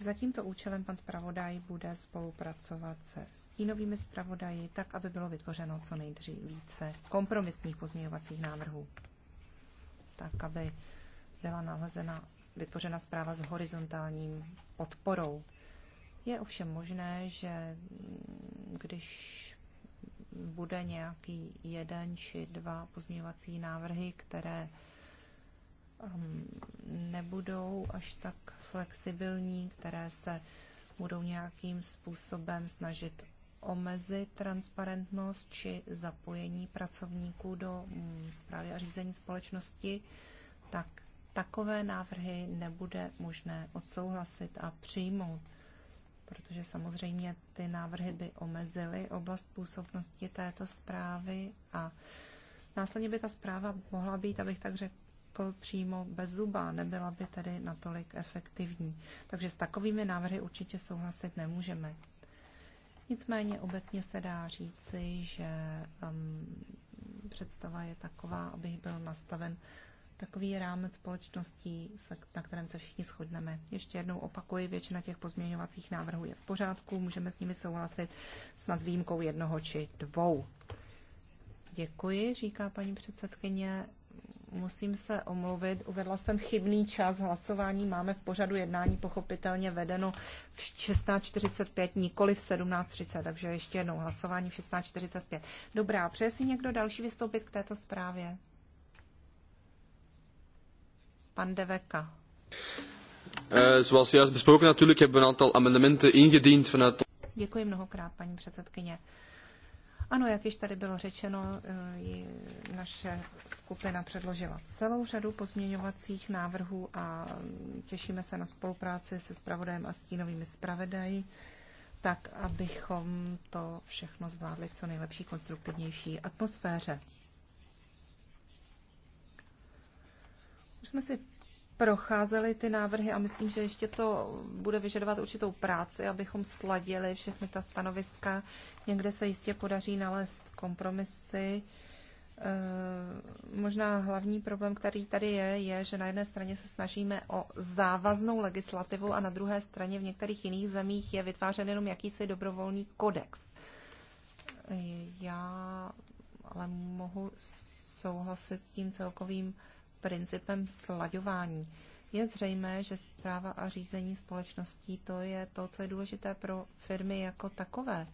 Za tímto účelem pan zpravodaj bude spolupracovat se stínovými zpravodaji, tak aby bylo vytvořeno co nejdřív více kompromisních pozměňovacích návrhů, tak aby byla nalezena, vytvořena zpráva s horizontálním podporou je ovšem možné, že když bude nějaký jeden či dva pozměňovací návrhy, které um, nebudou až tak flexibilní, které se budou nějakým způsobem snažit omezit transparentnost či zapojení pracovníků do mm, zprávy a řízení společnosti, tak takové návrhy nebude možné odsouhlasit a přijmout protože samozřejmě ty návrhy by omezily oblast působnosti této zprávy a následně by ta zpráva mohla být, abych tak řekl, přímo bez zuba, nebyla by tedy natolik efektivní. Takže s takovými návrhy určitě souhlasit nemůžeme. Nicméně obecně se dá říci, že um, představa je taková, abych byl nastaven takový rámec společností, na kterém se všichni shodneme. Ještě jednou opakuji, většina těch pozměňovacích návrhů je v pořádku, můžeme s nimi souhlasit snad výjimkou jednoho či dvou. Děkuji, říká paní předsedkyně. Musím se omluvit, uvedla jsem chybný čas hlasování. Máme v pořadu jednání pochopitelně vedeno v 16.45, nikoli v 17.30, takže ještě jednou hlasování v 16.45. Dobrá, přeje si někdo další vystoupit k této zprávě? Pan eh, Zoals juist besproken natuurlijk hebben we een aantal amendementen ingediend vanuit... Děkuji mnohokrát, paní předsedkyně. Ano, jak již tady bylo řečeno, eh, naše skupina předložila celou řadu pozměňovacích návrhů a mm, těšíme se na spolupráci se spravodajem a stínovými spravodaji, tak abychom to všechno zvládli v co nejlepší konstruktivnější atmosféře. Už jsme si procházeli ty návrhy a myslím, že ještě to bude vyžadovat určitou práci, abychom sladili všechny ta stanoviska. Někde se jistě podaří nalézt kompromisy. E, možná hlavní problém, který tady je, je, že na jedné straně se snažíme o závaznou legislativu a na druhé straně v některých jiných zemích je vytvářen jenom jakýsi dobrovolný kodex. E, já ale mohu souhlasit s tím celkovým principem slaďování. Je zřejmé, že zpráva a řízení společností to je to, co je důležité pro firmy jako takové.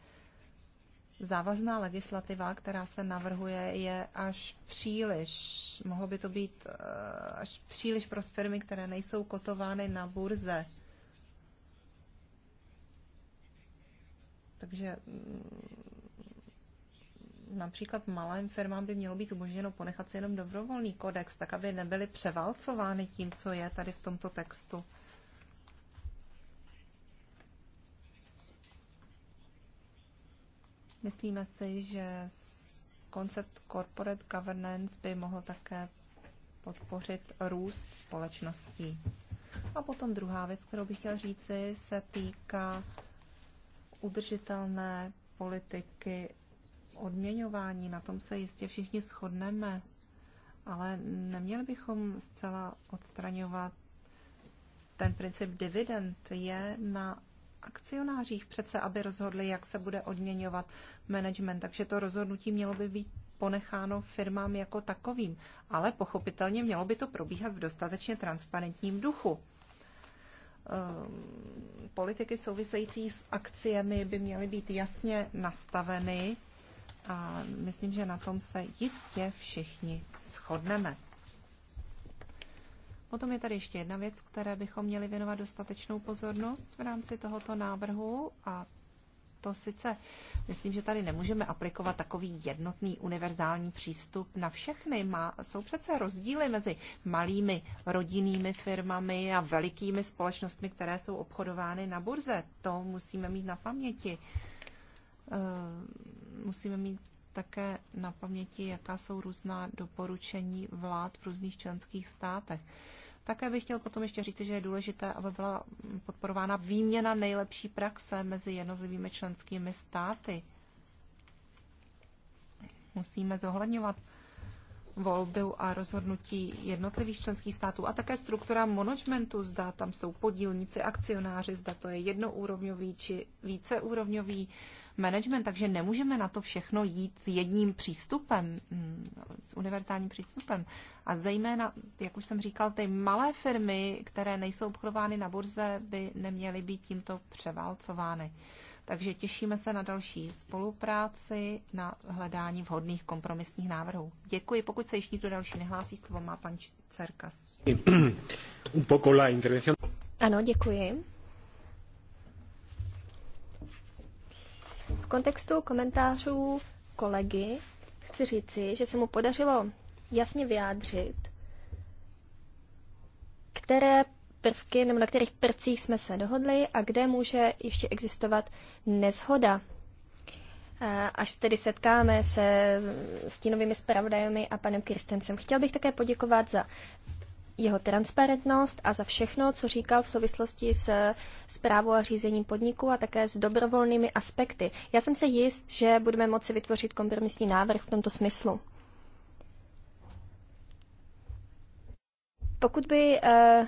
Závazná legislativa, která se navrhuje, je až příliš, mohlo by to být eh, až příliš pro firmy, které nejsou kotovány na burze. Takže mm, například malým firmám by mělo být umožněno ponechat si jenom dobrovolný kodex, tak aby nebyly převálcovány tím, co je tady v tomto textu. Myslíme si, že koncept corporate governance by mohl také podpořit růst společností. A potom druhá věc, kterou bych chtěl říci, se týká udržitelné politiky odměňování, na tom se jistě všichni shodneme, ale neměli bychom zcela odstraňovat ten princip dividend je na akcionářích přece, aby rozhodli, jak se bude odměňovat management. Takže to rozhodnutí mělo by být ponecháno firmám jako takovým. Ale pochopitelně mělo by to probíhat v dostatečně transparentním duchu. Ehm, politiky související s akciemi by měly být jasně nastaveny a myslím, že na tom se jistě všichni shodneme. Potom je tady ještě jedna věc, které bychom měli věnovat dostatečnou pozornost v rámci tohoto návrhu a to sice, myslím, že tady nemůžeme aplikovat takový jednotný univerzální přístup na všechny. Má, jsou přece rozdíly mezi malými rodinnými firmami a velikými společnostmi, které jsou obchodovány na burze. To musíme mít na paměti. Ehm musíme mít také na paměti, jaká jsou různá doporučení vlád v různých členských státech. Také bych chtěl potom ještě říct, že je důležité, aby byla podporována výměna nejlepší praxe mezi jednotlivými členskými státy. Musíme zohledňovat volbu a rozhodnutí jednotlivých členských států a také struktura managementu, zda tam jsou podílníci, akcionáři, zda to je jednoúrovňový či víceúrovňový management, takže nemůžeme na to všechno jít s jedním přístupem, mm, s univerzálním přístupem. A zejména, jak už jsem říkal, ty malé firmy, které nejsou obchodovány na burze, by neměly být tímto převálcovány. Takže těšíme se na další spolupráci, na hledání vhodných kompromisních návrhů. Děkuji. Pokud se ještě nikdo další nehlásí, slovo má pan Cerkas. Ano, děkuji. kontextu komentářů kolegy chci říci, že se mu podařilo jasně vyjádřit, které prvky nebo na kterých prcích jsme se dohodli a kde může ještě existovat nezhoda. Až tedy setkáme se stínovými zpravodajemi a panem Kirstencem. Chtěl bych také poděkovat za jeho transparentnost a za všechno, co říkal v souvislosti s zprávou a řízením podniku a také s dobrovolnými aspekty. Já jsem se jist, že budeme moci vytvořit kompromisní návrh v tomto smyslu. Pokud by eh,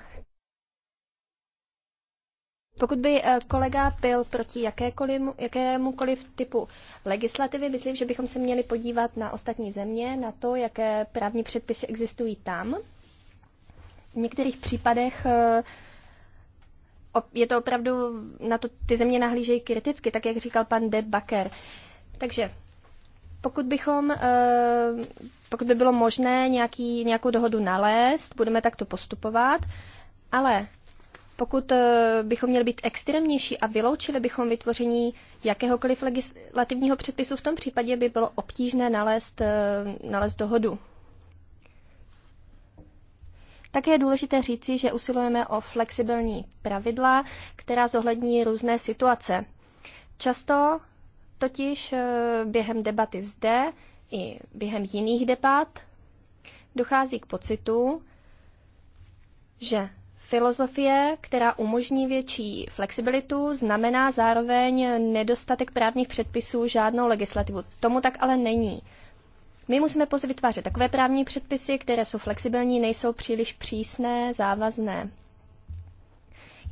pokud by eh, kolega byl proti jakémukoliv typu legislativy, myslím, že bychom se měli podívat na ostatní země, na to, jaké právní předpisy existují tam v některých případech eh, je to opravdu, na to ty země nahlížejí kriticky, tak jak říkal pan De Baker. Takže pokud bychom, eh, pokud by bylo možné nějaký, nějakou dohodu nalézt, budeme takto postupovat, ale pokud eh, bychom měli být extrémnější a vyloučili bychom vytvoření jakéhokoliv legislativního předpisu, v tom případě by bylo obtížné nalézt, nalézt dohodu. Také je důležité říci, že usilujeme o flexibilní pravidla, která zohlední různé situace. Často totiž eh, během debaty zde i během jiných debat dochází k pocitu, že filozofie, která umožní větší flexibilitu, znamená zároveň nedostatek právních předpisů, žádnou legislativu. Tomu tak ale není. My musíme pouze vytvářet takové právní předpisy, které jsou flexibilní, nejsou příliš přísné, závazné.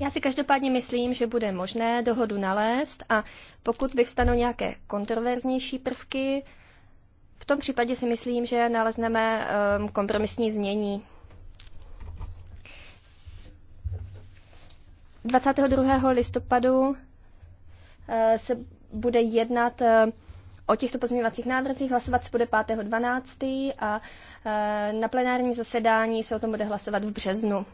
Já si každopádně myslím, že bude možné dohodu nalézt a pokud vyvstanou nějaké kontroverznější prvky, v tom případě si myslím, že nalezneme um, kompromisní znění. 22. listopadu uh, se bude jednat uh, O těchto pozměňovacích návrzích hlasovat se bude 5.12. a eh, na plenárním zasedání se o tom bude hlasovat v březnu.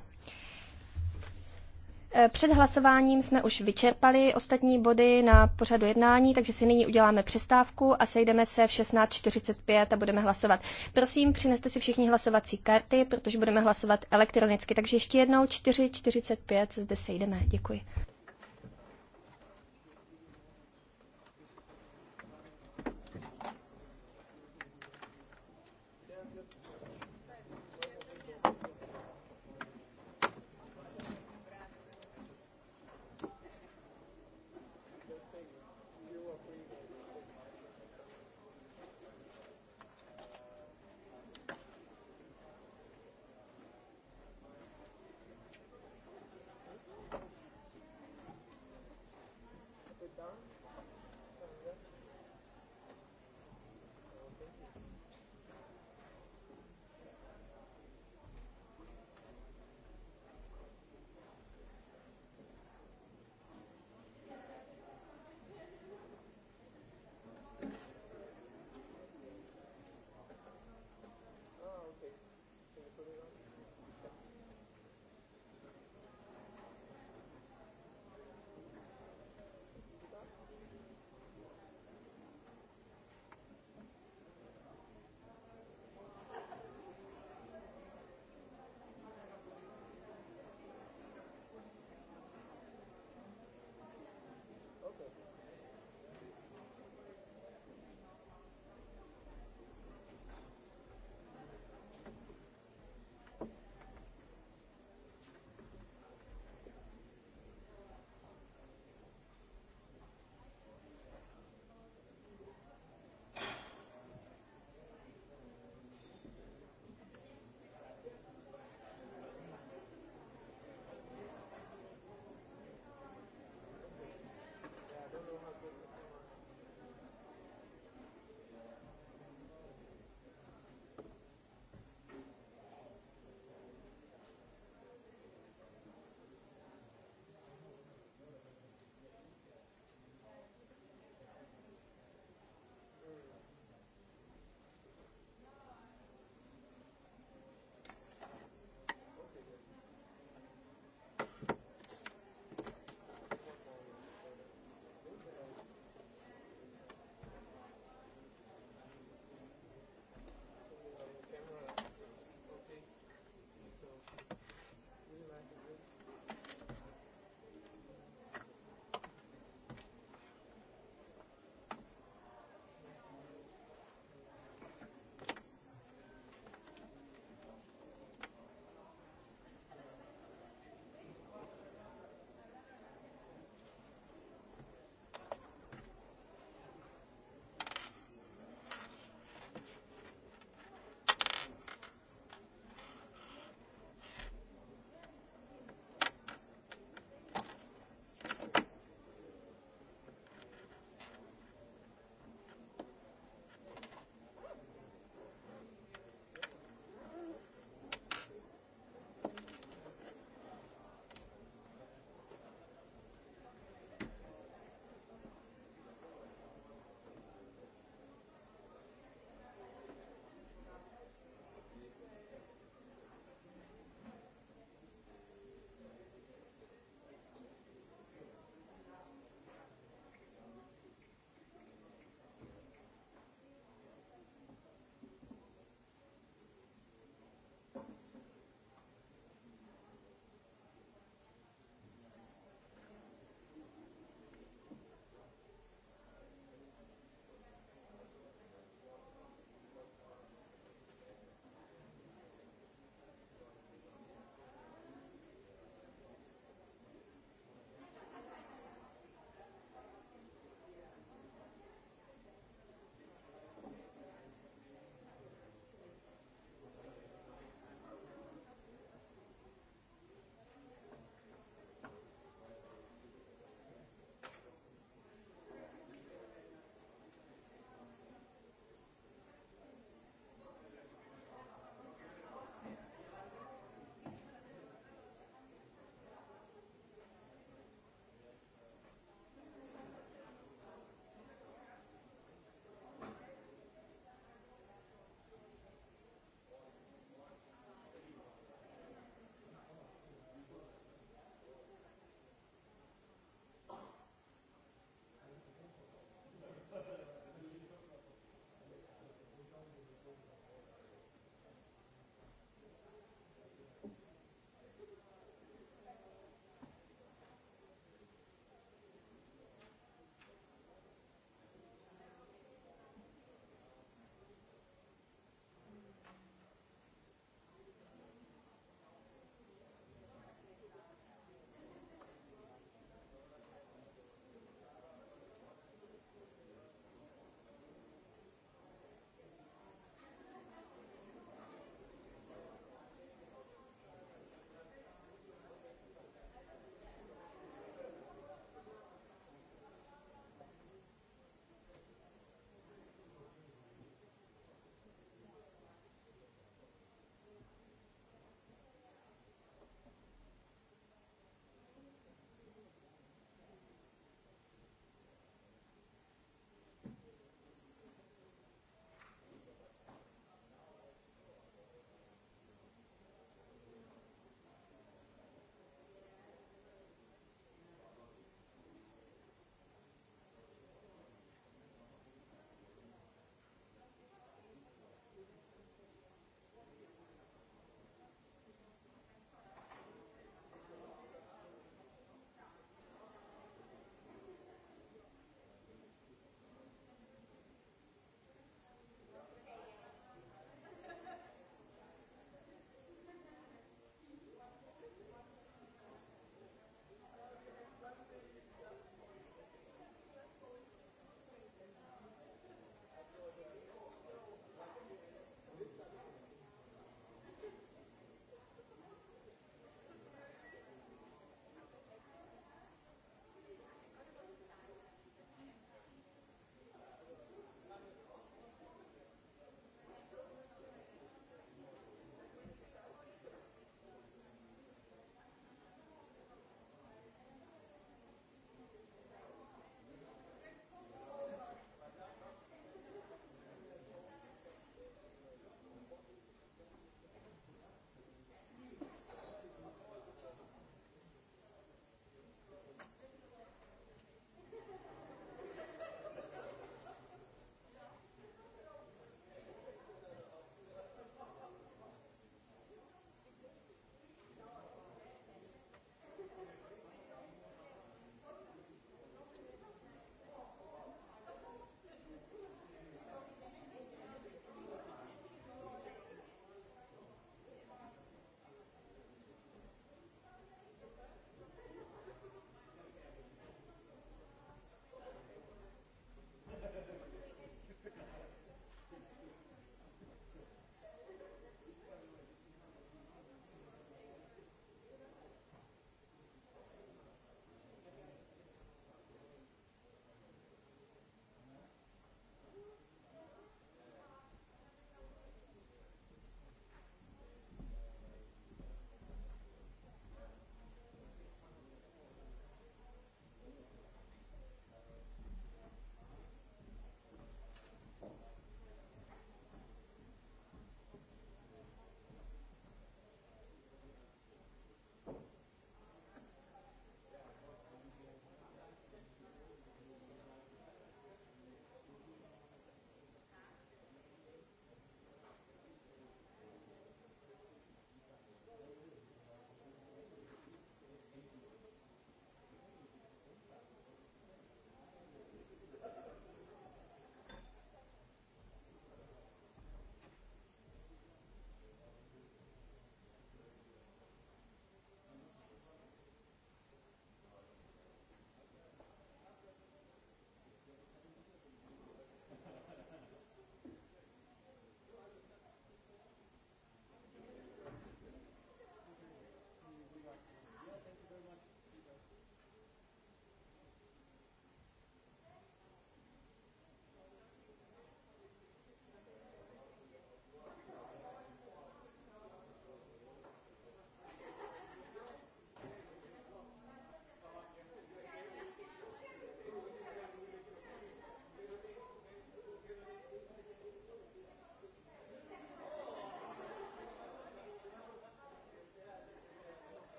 Eh, před hlasováním jsme už vyčerpali ostatní body na pořadu jednání, takže si nyní uděláme přestávku a sejdeme se v 16.45 a budeme hlasovat. Prosím, přineste si všichni hlasovací karty, protože budeme hlasovat elektronicky. Takže ještě jednou 4.45 zde sejdeme. Děkuji.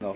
No,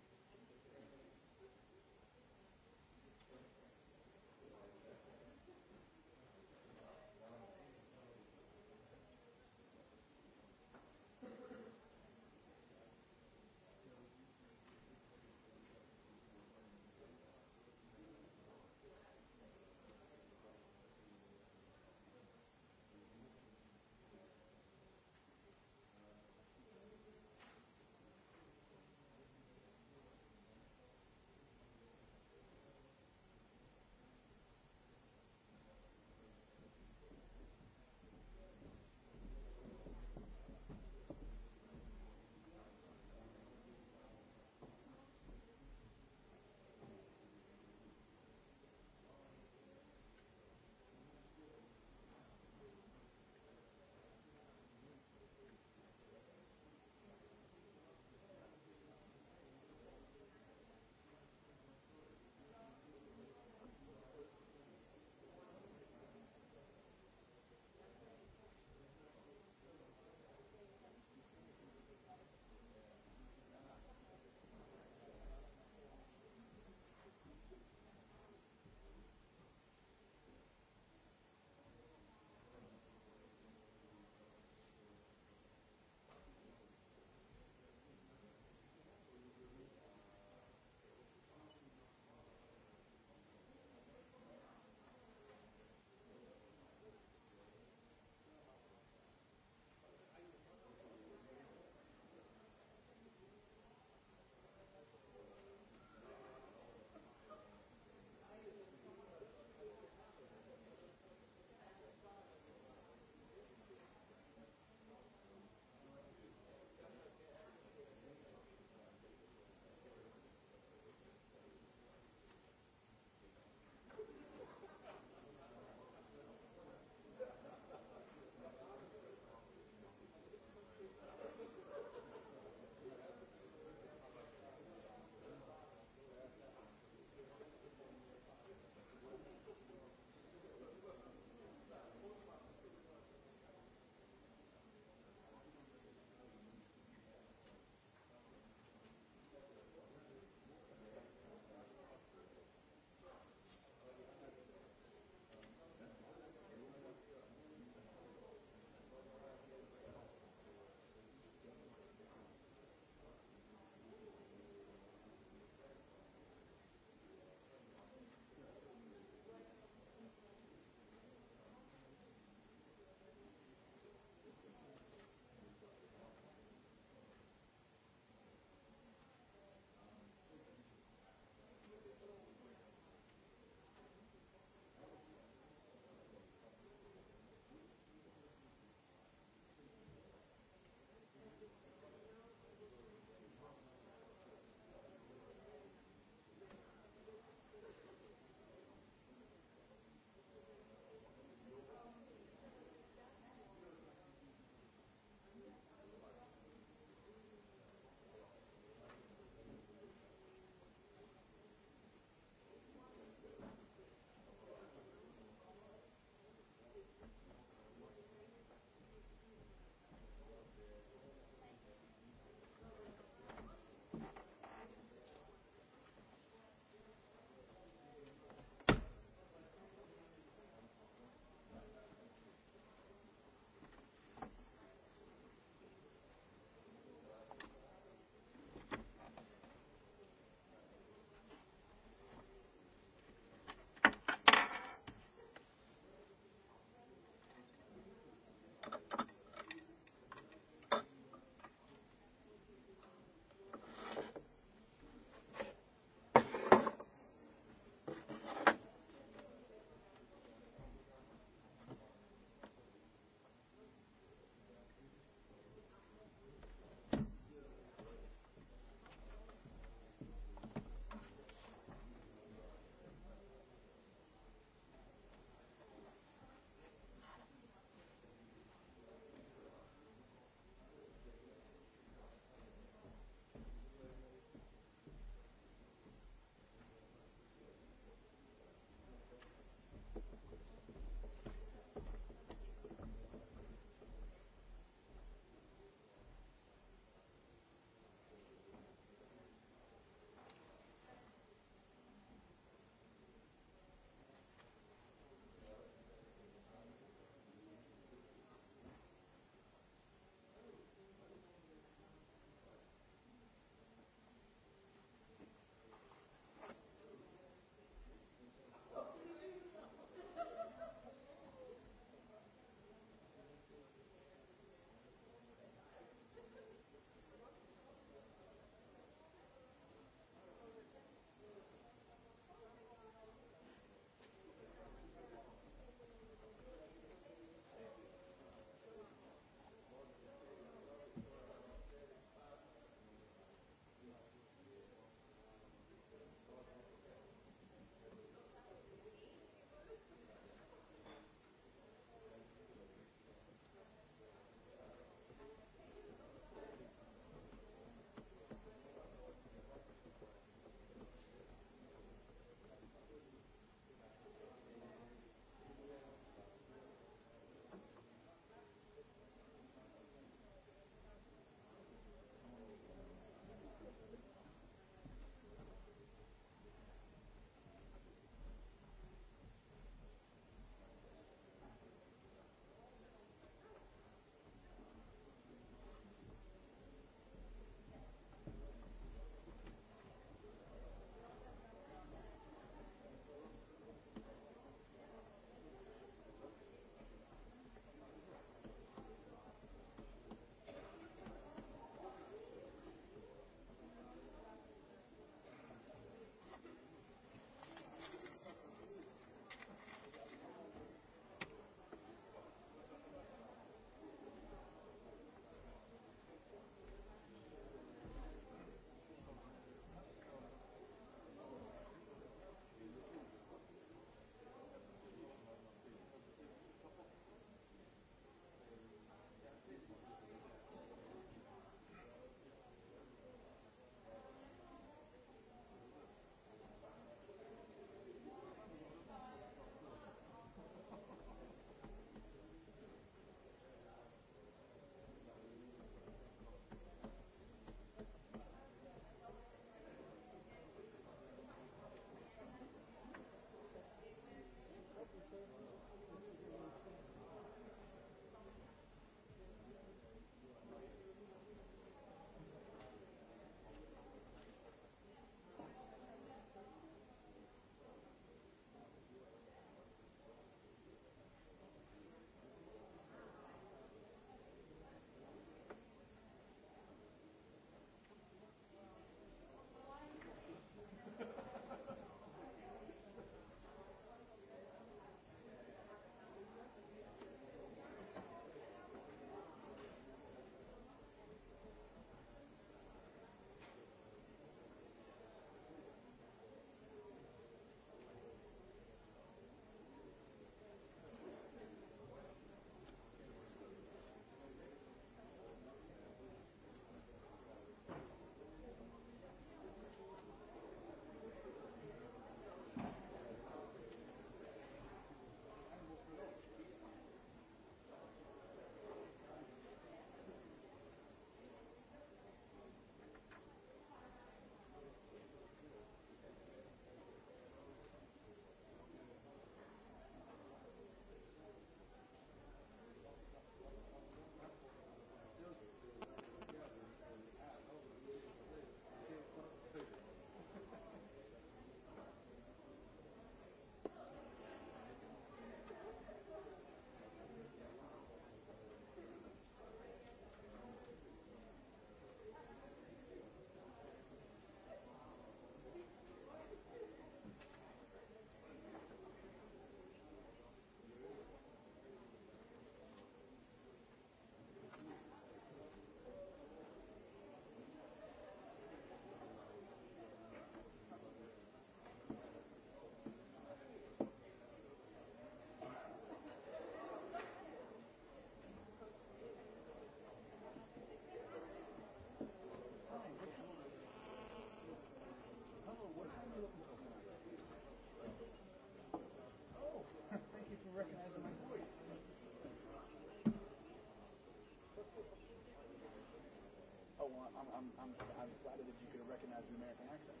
I'm, I'm, I'm flattered that you could recognize an American accent.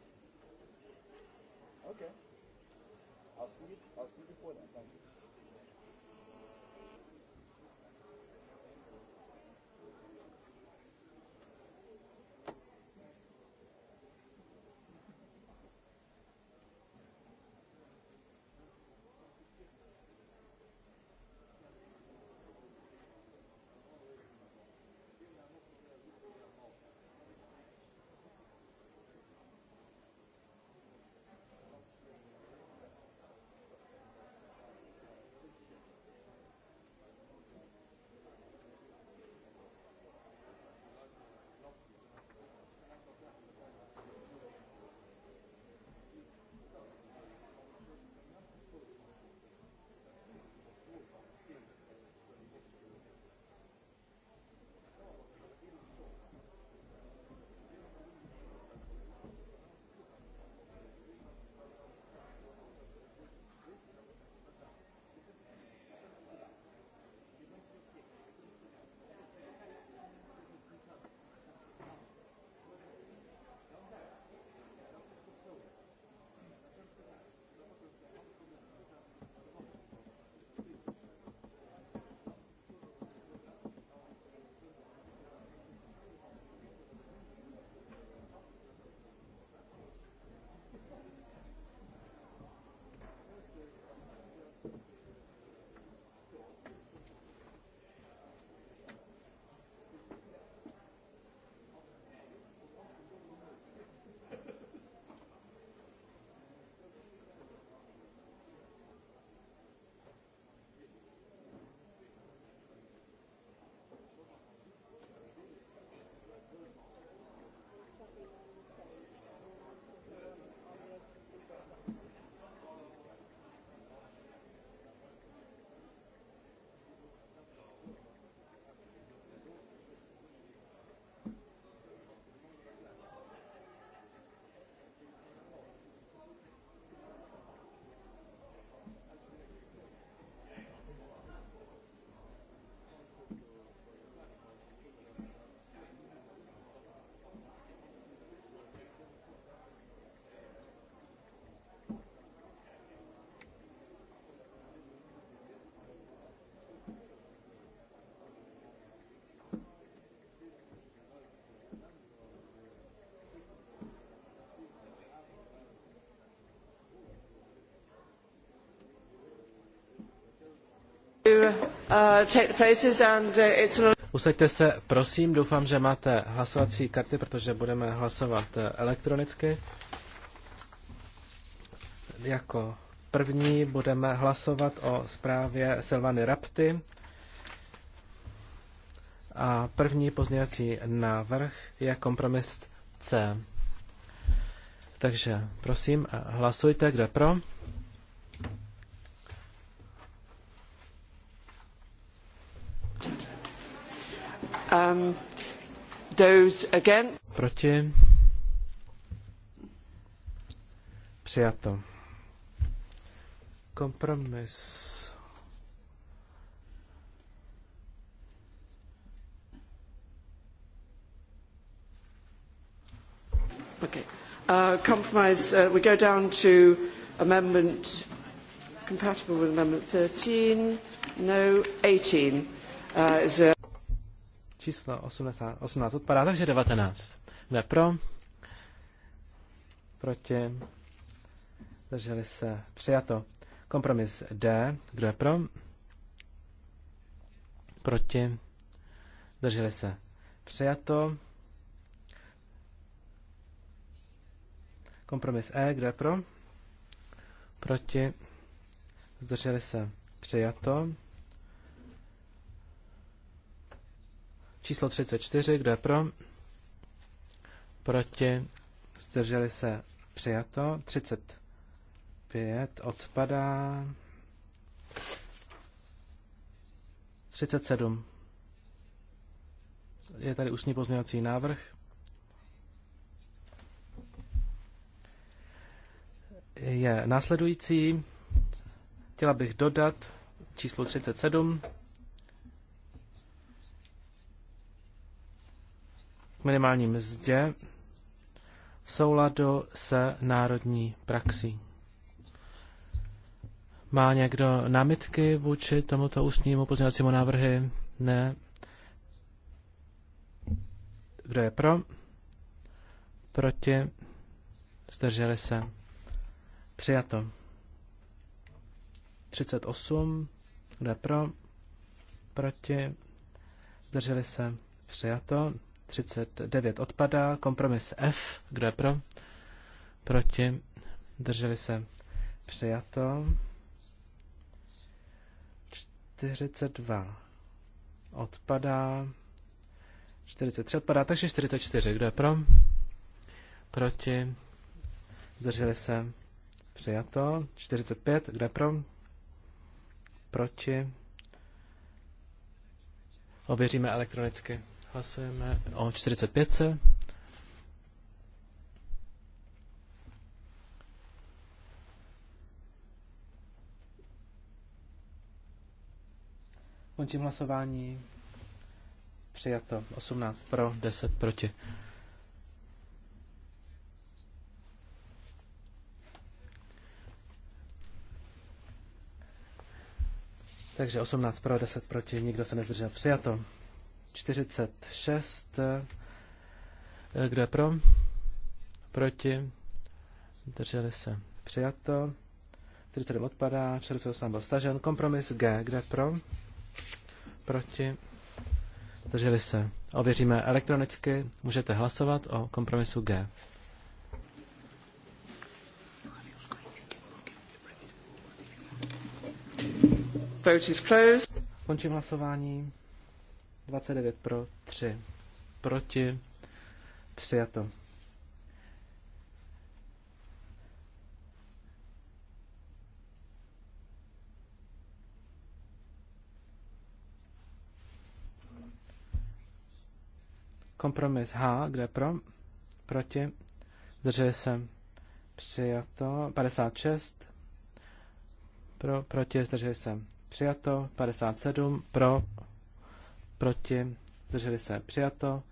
Okay. I'll see you. I'll see you before then. Thank you. Uh, uh, Usaďte se, prosím, doufám, že máte hlasovací karty, protože budeme hlasovat uh, elektronicky. Jako první budeme hlasovat o zprávě Silvany Rapty. A první pozměňovací návrh je kompromis C. Takže prosím, hlasujte, kdo pro. Those against. Proti. Přijato. Kompromis. Okay. Uh, compromise, uh, we go down to amendment compatible with amendment 13, no, 18. Uh, is a číslo 18, 18 odpadá, takže 19. Kde pro? Proti? Drželi se. Přijato. Kompromis D. Kdo je pro? Proti? Drželi se. Přijato. Kompromis E. Kdo je pro? Proti? Zdrželi se. Přijato. Číslo 34, kdo je pro? Proti? Zdrželi se přijato. 35 odpadá. 37. Je tady ústní pozměňovací návrh. Je následující. Chtěla bych dodat číslo 37 minimální mzdě v souladu se národní praxí. Má někdo námitky vůči tomuto ústnímu pozměňovacímu návrhy? Ne. Kdo je pro? Proti? Zdrželi se. Přijato. 38. Kdo je pro? Proti? Zdrželi se. Přijato. 39 odpadá. Kompromis F. Kdo je pro? Proti. Drželi se. Přijato. 42 odpadá. 43 odpadá, takže 44. Kdo je pro? Proti. Zdrželi se. Přijato. 45. Kdo je pro? Proti. Ověříme elektronicky. Hlasujeme o 45. Končím hlasování. Přijato 18 pro, 10 proti. Takže 18 pro, 10 proti, nikdo se nezdržel. Přijato. 46. Kdo je pro? Proti? Drželi se. Přijato. 47 odpadá, 48 byl stažen. Kompromis G. Kdo je pro? Proti? Drželi se. Ověříme elektronicky. Můžete hlasovat o kompromisu G. Vote is closed. Končím hlasování. 29 pro, 3 proti, přijato. Kompromis H, kde pro, proti, zdrželi se, přijato, 56, pro, proti, zdrželi se, přijato, 57, pro, proti, zdrželi se přijato,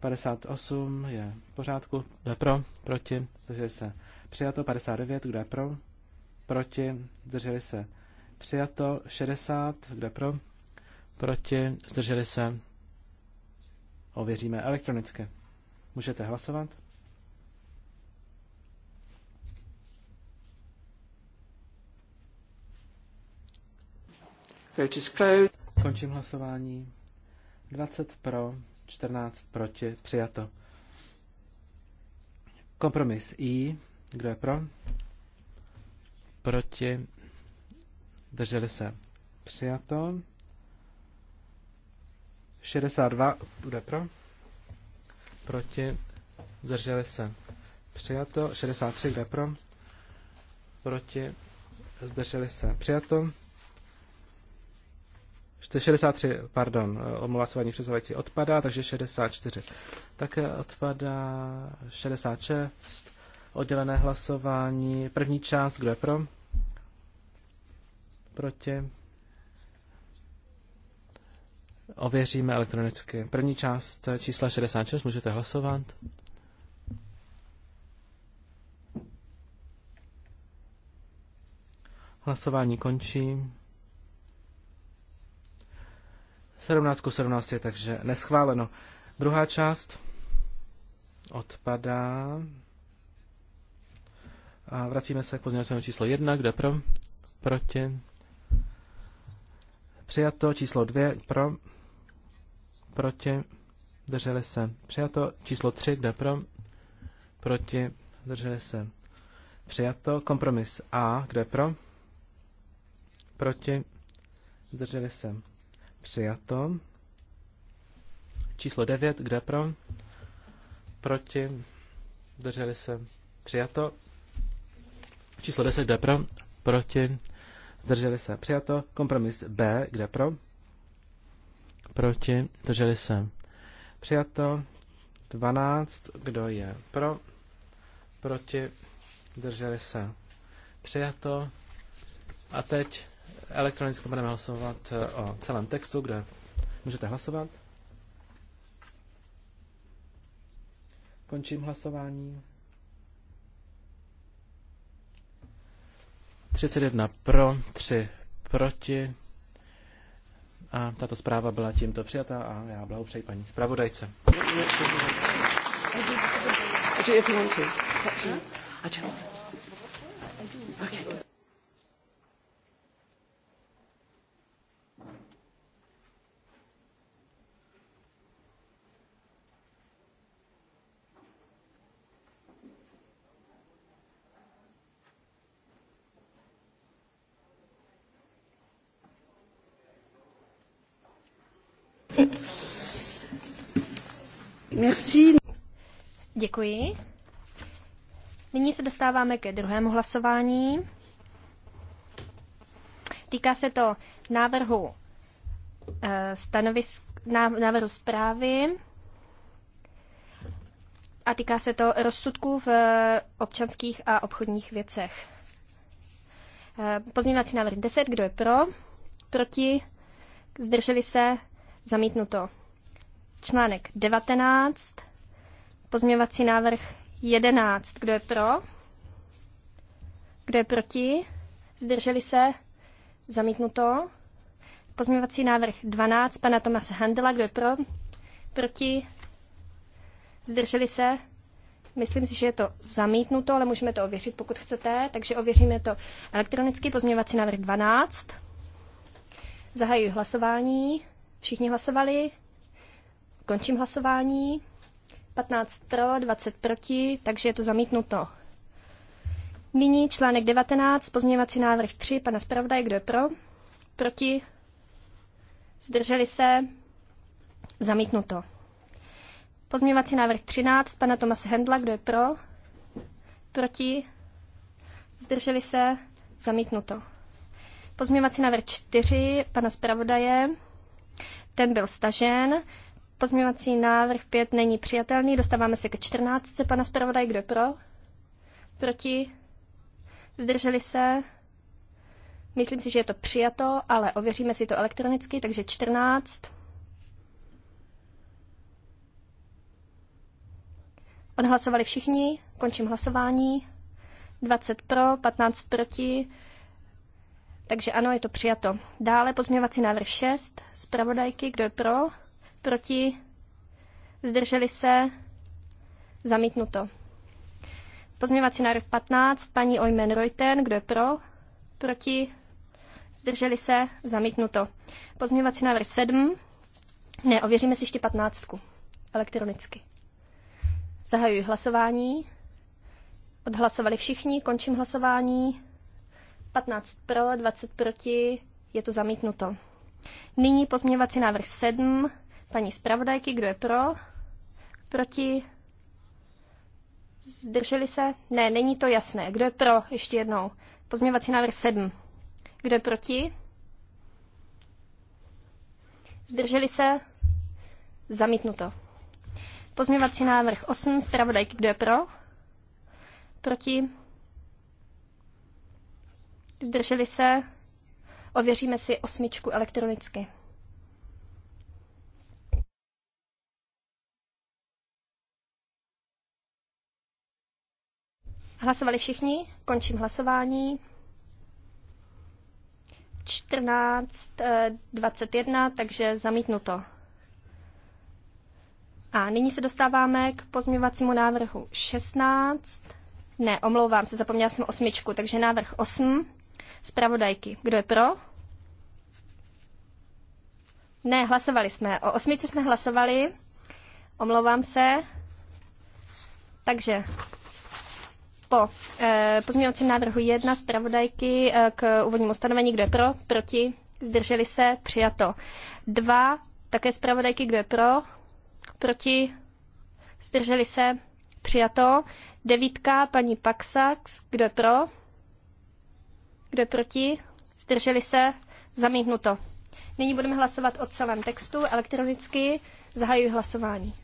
58 je v pořádku, kdo je pro, proti, zdrželi se přijato, 59, kdo je pro, proti, zdrželi se přijato, 60, kdo je pro, proti, zdrželi se, ověříme elektronicky. Můžete hlasovat. Končím hlasování. 20 pro, 14 proti, přijato. Kompromis I, kdo je pro? Proti, drželi se, přijato. 62 bude pro, proti, drželi se, přijato. 63 kdo je pro, proti, zdrželi se, přijato. 63, pardon, omlouvá se paní předsedající, odpadá, takže 64 také odpadá, 66, oddělené hlasování, první část, kdo je pro? Proti? Ověříme elektronicky. První část čísla 66, můžete hlasovat. Hlasování končí. 17 17 je takže neschváleno. Druhá část odpadá. A vracíme se k pozměňovacímu číslo 1, kde pro, proti. Přijato číslo 2, pro, proti, drželi se. Přijato číslo 3, kde pro, proti, drželi se. Přijato kompromis A, kde pro, proti, drželi se Přijato. Číslo 9, kde pro? Proti. Drželi se. Přijato. Číslo 10, kde pro? Proti. Zdrželi se. Přijato. Kompromis B, kde pro? Proti. Drželi se. Přijato. 12, kdo je pro? Proti. Drželi se. Přijato. A teď Elektronicky budeme hlasovat eh, o celém textu, kde můžete hlasovat. Končím hlasování. 31 pro, 3 proti. A tato zpráva byla tímto přijata a já blahopřeji paní zpravodajce. Okay. Merci. Děkuji. Nyní se dostáváme ke druhému hlasování. Týká se to návrhu eh, stanovisk, návrhu zprávy a týká se to rozsudků v občanských a obchodních věcech. Eh, pozměňovací návrh 10, kdo je pro, proti, zdrželi se, zamítnuto článek 19, pozměvací návrh 11. Kdo je pro? Kdo je proti? Zdrželi se? Zamítnuto. Pozměvací návrh 12 pana Tomase Handela. Kdo je pro? Proti? Zdrželi se? Myslím si, že je to zamítnuto, ale můžeme to ověřit, pokud chcete. Takže ověříme to elektronicky. Pozměvací návrh 12. Zahajuji hlasování. Všichni hlasovali. Končím hlasování. 15 pro, 20 proti, takže je to zamítnuto. Nyní článek 19, pozměňovací návrh 3, pana zpravodaje, kdo je pro? Proti? Zdrželi se? Zamítnuto. Pozměňovací návrh 13, pana Tomase Hendla, kdo je pro? Proti? Zdrželi se? Zamítnuto. Pozměňovací návrh 4, pana zpravodaje, ten byl stažen. Pozměňovací návrh 5 není přijatelný. Dostáváme se ke 14. Pana zpravodaj, kdo pro? Proti? Zdrželi se? Myslím si, že je to přijato, ale ověříme si to elektronicky, takže 14. Odhlasovali všichni, končím hlasování. 20 pro, 15 proti, takže ano, je to přijato. Dále pozměňovací návrh 6, zpravodajky, kdo je pro? proti, zdrželi se, zamítnuto. Pozměvací návrh 15, paní Ojmen Reuten, kdo je pro, proti, zdrželi se, zamítnuto. Pozměvací návrh 7, ne, ověříme si ještě 15 elektronicky. Zahajuji hlasování. Odhlasovali všichni, končím hlasování. 15 pro, 20 proti, je to zamítnuto. Nyní pozměvací návrh 7, paní zpravodajky, kdo je pro, proti, zdrželi se, ne, není to jasné, kdo je pro, ještě jednou, pozměvací návrh 7, kdo je proti, zdrželi se, zamítnuto. Pozměvací návrh 8, zpravodajky, kdo je pro, proti, zdrželi se, ověříme si osmičku elektronicky. Hlasovali všichni? Končím hlasování. 14, 21, eh, takže zamítnuto. A nyní se dostáváme k pozměňovacímu návrhu 16. Ne, omlouvám se, zapomněla jsem osmičku, takže návrh 8. Zpravodajky. Kdo je pro? Ne, hlasovali jsme. O osmici jsme hlasovali. Omlouvám se. Takže po eh, pozměňovacím návrhu jedna zpravodajky eh, k úvodnímu ustanovení, kdo je pro, proti, zdrželi se, přijato. Dva také zpravodajky, kdo je pro, proti, zdrželi se, přijato. Devítka, paní Paxax, kdo je pro, kdo je proti, zdrželi se, zamítnuto. Nyní budeme hlasovat o celém textu elektronicky. Zahajuji hlasování.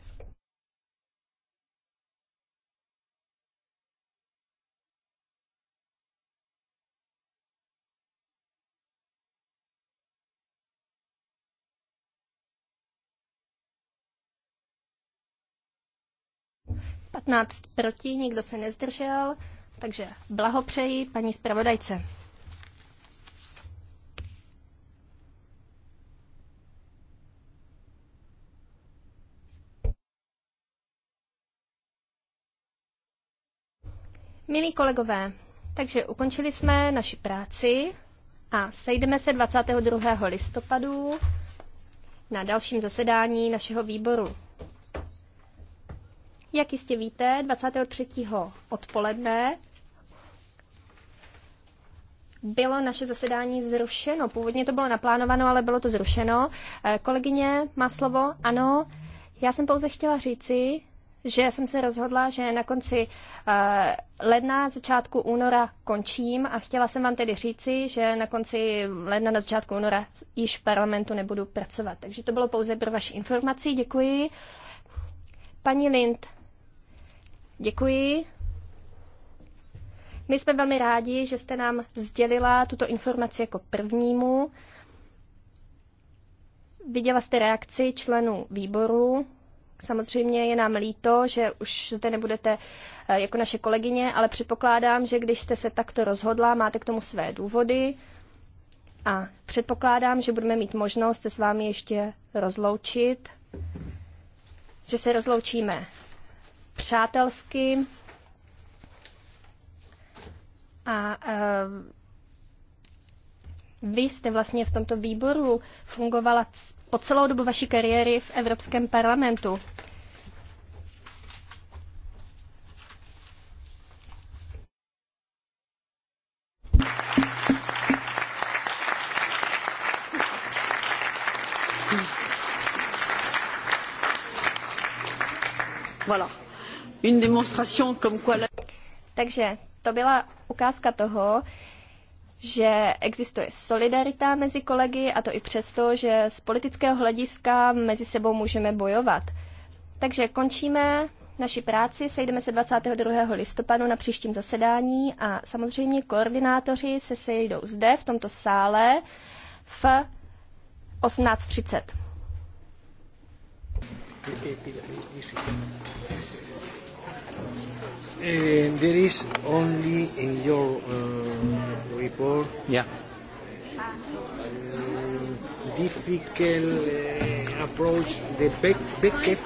15 proti, nikdo se nezdržel, takže blahopřeji paní zpravodajce. Milí kolegové, takže ukončili jsme naši práci a sejdeme se 22. listopadu na dalším zasedání našeho výboru. Jak jistě víte, 23. odpoledne bylo naše zasedání zrušeno. Původně to bylo naplánováno, ale bylo to zrušeno. Eh, kolegyně má slovo. Ano, já jsem pouze chtěla říci, že jsem se rozhodla, že na konci eh, ledna, začátku února končím a chtěla jsem vám tedy říci, že na konci ledna, na začátku února již v parlamentu nebudu pracovat. Takže to bylo pouze pro vaši informaci. Děkuji. Paní Lind, Děkuji. My jsme velmi rádi, že jste nám sdělila tuto informaci jako prvnímu. Viděla jste reakci členů výboru. Samozřejmě je nám líto, že už zde nebudete eh, jako naše kolegyně, ale předpokládám, že když jste se takto rozhodla, máte k tomu své důvody a předpokládám, že budeme mít možnost se s vámi ještě rozloučit, že se rozloučíme přátelsky a eh, vy jste vlastně v tomto výboru fungovala po celou dobu vaší kariéry v Evropském parlamentu. Voilà. Takže to byla ukázka toho, že existuje solidarita mezi kolegy a to i přesto, že z politického hlediska mezi sebou můžeme bojovat. Takže končíme naši práci, sejdeme se 22. listopadu na příštím zasedání a samozřejmě koordinátoři se sejdou zde v tomto sále v 18.30 there is only in your uh, report yeah. Uh, difficult uh, approach the back, back